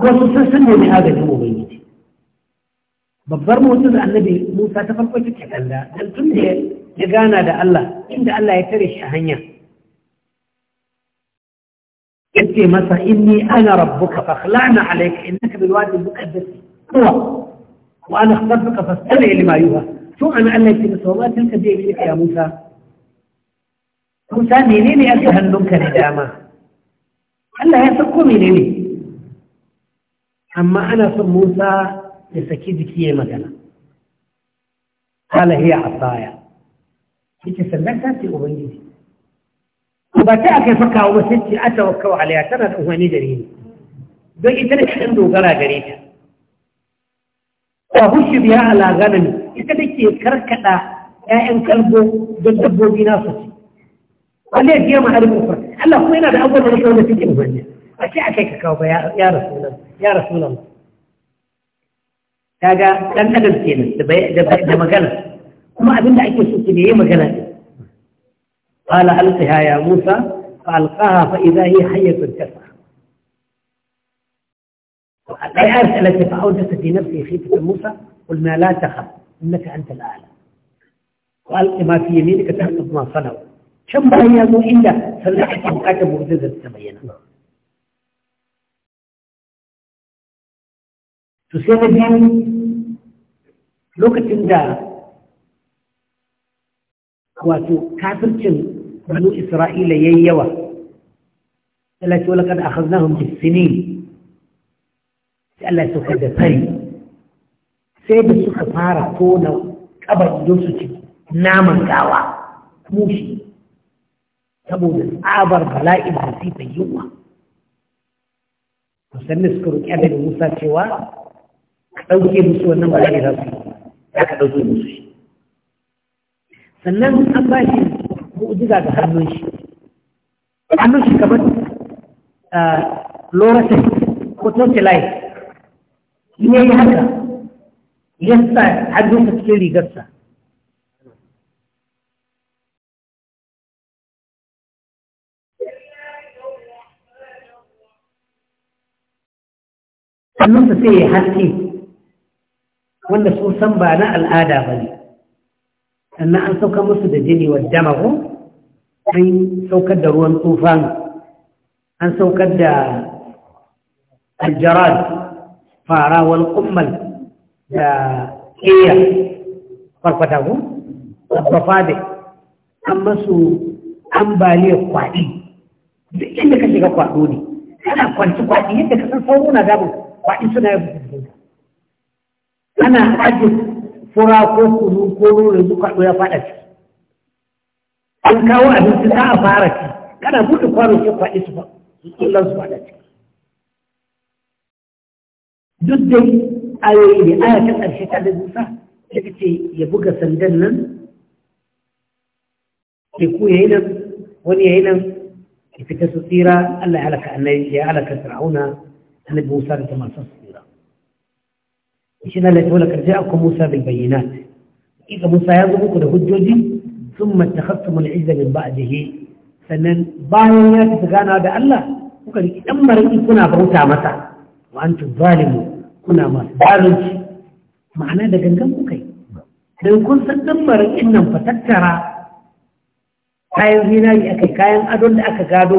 Speaker 2: wasu sun san ne agajin ubangiji babbar mu'jiza annabi Musa ta farko ta kanda dan tun da ya gana da Allah inda Allah ya tare shi a hanya
Speaker 1: انت مثلا إني أنا ربك
Speaker 2: فاخلعنا عليك إنك بالوادي المقدس هو وأنا اخترفك فاستمع لما يوها شو أنا أن لك بس وما تلك بيبينك يا موسى موسى يا جهنم لداما هل لا يسكو مينيني أما أنا سم موسى لسكيدك يا مثلا هل هي عصايا هي تسلتها في أبنجي ba ta aka saka wa sai ce a tawakkau alaiha tana da umarni gare ni
Speaker 1: don ita ne kan dogara
Speaker 2: gare ta wa hushi biya ala ganami ita da ke karkaɗa 'ya'yan kalbo don dabbobi na su ci wanda ya biya ma harin kufar Allah kuma yana da abubuwan da wanda suke umarni a ce a kai ka kawo ba ya rasulan ya rasulan kaga dan adam kenan da magana kuma abinda ake so ki ne magana ne قال ألقها يا موسى فألقاها فإذا هي حية تسعى الآيات التي فأوجدت في نفسي خيفة موسى قلنا لا تخف إنك أنت الأعلى وألق ما في يمينك تحسب
Speaker 1: ما صنعوا كم أبو إلا سلحت أوقات معجزة تبينا تسير الدين لوكت دا wato
Speaker 2: kafircin banu isra'ila ya yi yawa Allah ce a akhadnahum bis-sinin sai Allah ya sauka da fari sai da suka fara tona kabar don su ci naman gawa mushi saboda tsabar bala'in da sai ta yiwuwa. musamman suka roƙi adadin Musa cewa ka ɗauke musu
Speaker 1: wannan bala'i za su yi ka ɗauke musu shi
Speaker 2: sannan an ba shi mu'jiza ga hannun shi hannun shi kamar ah, loratin ko tokilai shi ne yi haka
Speaker 1: ya sa hannunsa cikin rigarsa hannunsa sai ya haske
Speaker 2: wanda sun san ba na al'ada ba ne sannan an sauka musu da jini wa damahu an saukar da ruwan tufan an saukar da aljarar fara wal kummal da iya farfata ku babbafa da an masu ambaliyar kwaɗi duk inda ka shiga kwaɗo ne ana kwanci kwaɗi yadda ka san sauro na damu kwaɗi suna yin ana ajiye fura ko kunu ko nuna duka ya faɗa ci
Speaker 1: an kawo abinci za a fara ci kana buɗe kwano ya faɗi su ba kullum su faɗa ci duk dai ayoyi ne aya ta ƙarshe ta da musa ta ce ya buga sandan nan
Speaker 2: teku ya yi nan wani ya yi nan ya fita su tsira allah ya halaka annabi ya halaka fir'auna annabi musa da ta masu. shi na laifin wala karje akwai musa bil bayyana ika musa ya zo muku da hujjoji sun matakhattu mun izza min ba'dihi sannan bayan ya tafi gana da Allah kuka riki dan mariki kuna bauta masa wa antum zalimu kuna masu zalunci ma'ana da gangan kuka yi don kun san dan marikin nan fa tattara kayan zinari aka kayan adon da aka gado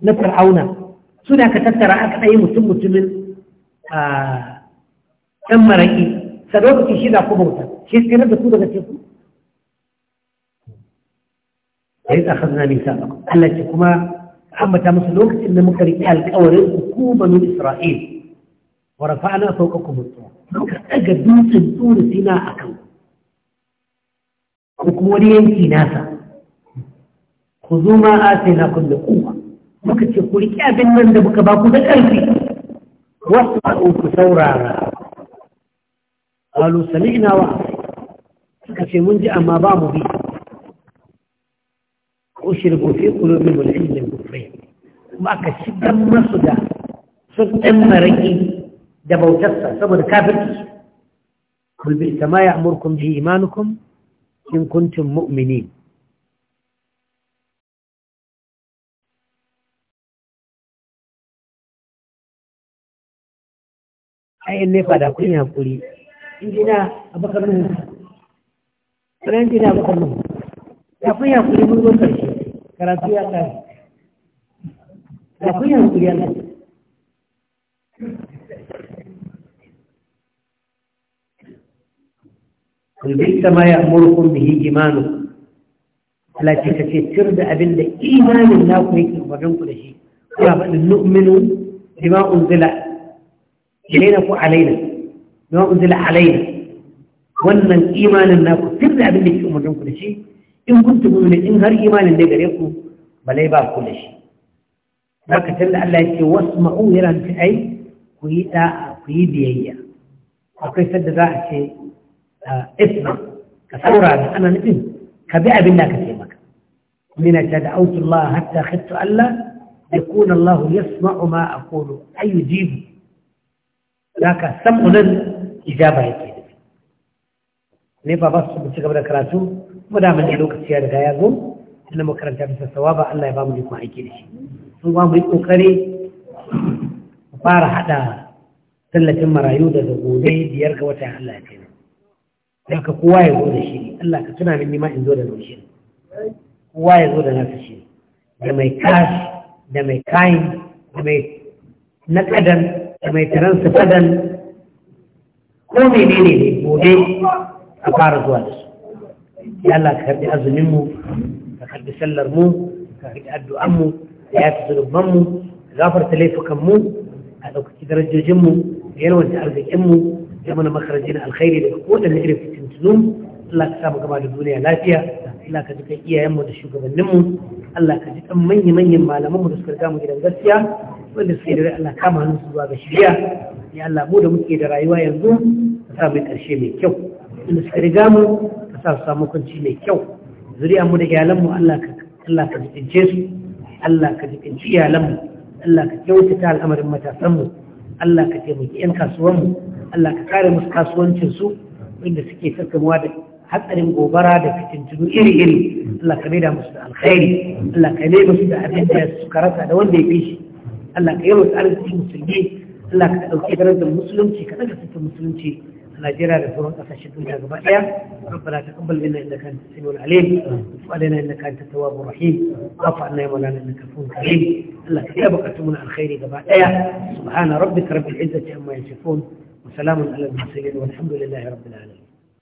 Speaker 2: na fir'auna su da aka tattara aka ɗaya mutum mutumin a ah, ɗan maraƙi sadaukaki shi za ku bauta shi sai da ku daga teku a yi tsakar na ba Allah ce kuma ambata musu lokacin da muka riƙe alƙawarin hukumanin Isra'il wa rafa'ana sauka ku mutu muka tsaga dutsen tsoro a kan kuma wani yanki nasa ku zo ma a sai na kun da muka ce ku riƙe abin nan da muka baku da ƙarfi wasu ku saurara قالوا سمعنا وعصينا suka ce mun ji amma ba mu bi ko shirgo fi kulubin mulhillin kufri kuma aka
Speaker 1: shigar masu da
Speaker 2: sun ɗan maraƙi da bautarsa saboda kafirci kulbi ta ma ya amurkun bi imanukum in kuntum mu'mini
Speaker 1: ayin ne fada kun yi haƙuri injina abakar nan ran injina abakar nan kafin ya kun kuri mun gwamnati karatu ya kare kun ya kuri ya kare
Speaker 2: kulbita ma ya amurkun bihi imanu Allah ce ka ce tir da abin da imanin naku yake umarnin ku da shi kuna faɗin nu'minu bima unzila ilaina ko alaina na unzila alai wannan imanin naku ku da abin da ke umarnin ku da shi in kuntu mu'minin in har imanin ne gare ku balai ba ku da shi haka tunda Allah ya ce wasma'u yana nufi ai ku yi da'a ku yi biyayya akwai sadda za a ce ah, isma ka saurara ana nufin ka bi abin da ka ce maka mina ta da autullah hatta khittu Allah yakuna Allah yasma'u ma aqulu ayu yujibu zaka sam'u nan ijaba yake da ne ba ba su ci gaba da karatu kuma da mun lokaci ya riga ya zo ina makaranta bisa sawaba Allah ya ba mu ikon aiki da shi sun ba mu yi kokari mu fara hada tallafin marayu daga gobe biyar ga wata Allah ya kai don ka kowa ya zo da shi Allah ka tuna min nima in zo da shi kowa ya zo da nasa shi da mai kash da mai kayan da mai nakadan da mai tiransu fadan ko mene ne gobe a fara zuwa da su ya Allah ka karbi azuminmu ka karbi sallarmu ka karbi addu'anmu da ya fi zunubanmu ka gafarta laifukanmu a ɗaukaki darajojinmu da yalwanta arzikinmu da mana makarajin alkhairi daga kowane irin fitintunu Allah ka samu gaba da duniya lafiya Allah ka jikan iyayenmu da shugabanninmu Allah ka jikan manya-manyan malamanmu da suka riga mu gidan gaskiya wanda suke da Allah kama hannun su zuwa ga shirya ya Allah mu da muke da rayuwa yanzu ka sa mai karshe mai kyau inda suka riga mu ka sa su samu kwanci mai kyau zuriya mu da iyalan mu Allah ka jikince su Allah ka jikince iyalan mu Allah ka kyautata al'amarin matasan mu Allah ka taimaki yan kasuwan mu Allah ka kare musu kasuwancin su inda suke tattamuwa da hatsarin gobara da fitintunu iri-iri Allah ka maida musu da alkhairi Allah ka ne musu da abin da suka rasa da wanda ya fi shi Allah ka yawan arziki musulmi Allah ka ɗauki darajar musulunci ka ɗaga sassa musulunci a Najeriya da sauran ƙasashen duniya gaba ɗaya rabbana taqabbal minna innaka antas samiul alim wa alaina innaka antat tawwabur rahim wa fa'alna ya mawlana innaka afuwun karim Allah ka iya
Speaker 1: alkhairi gaba ɗaya subhana rabbika rabbil izzati amma yasifun wa salamun alal mursalin walhamdulillahi rabbil alamin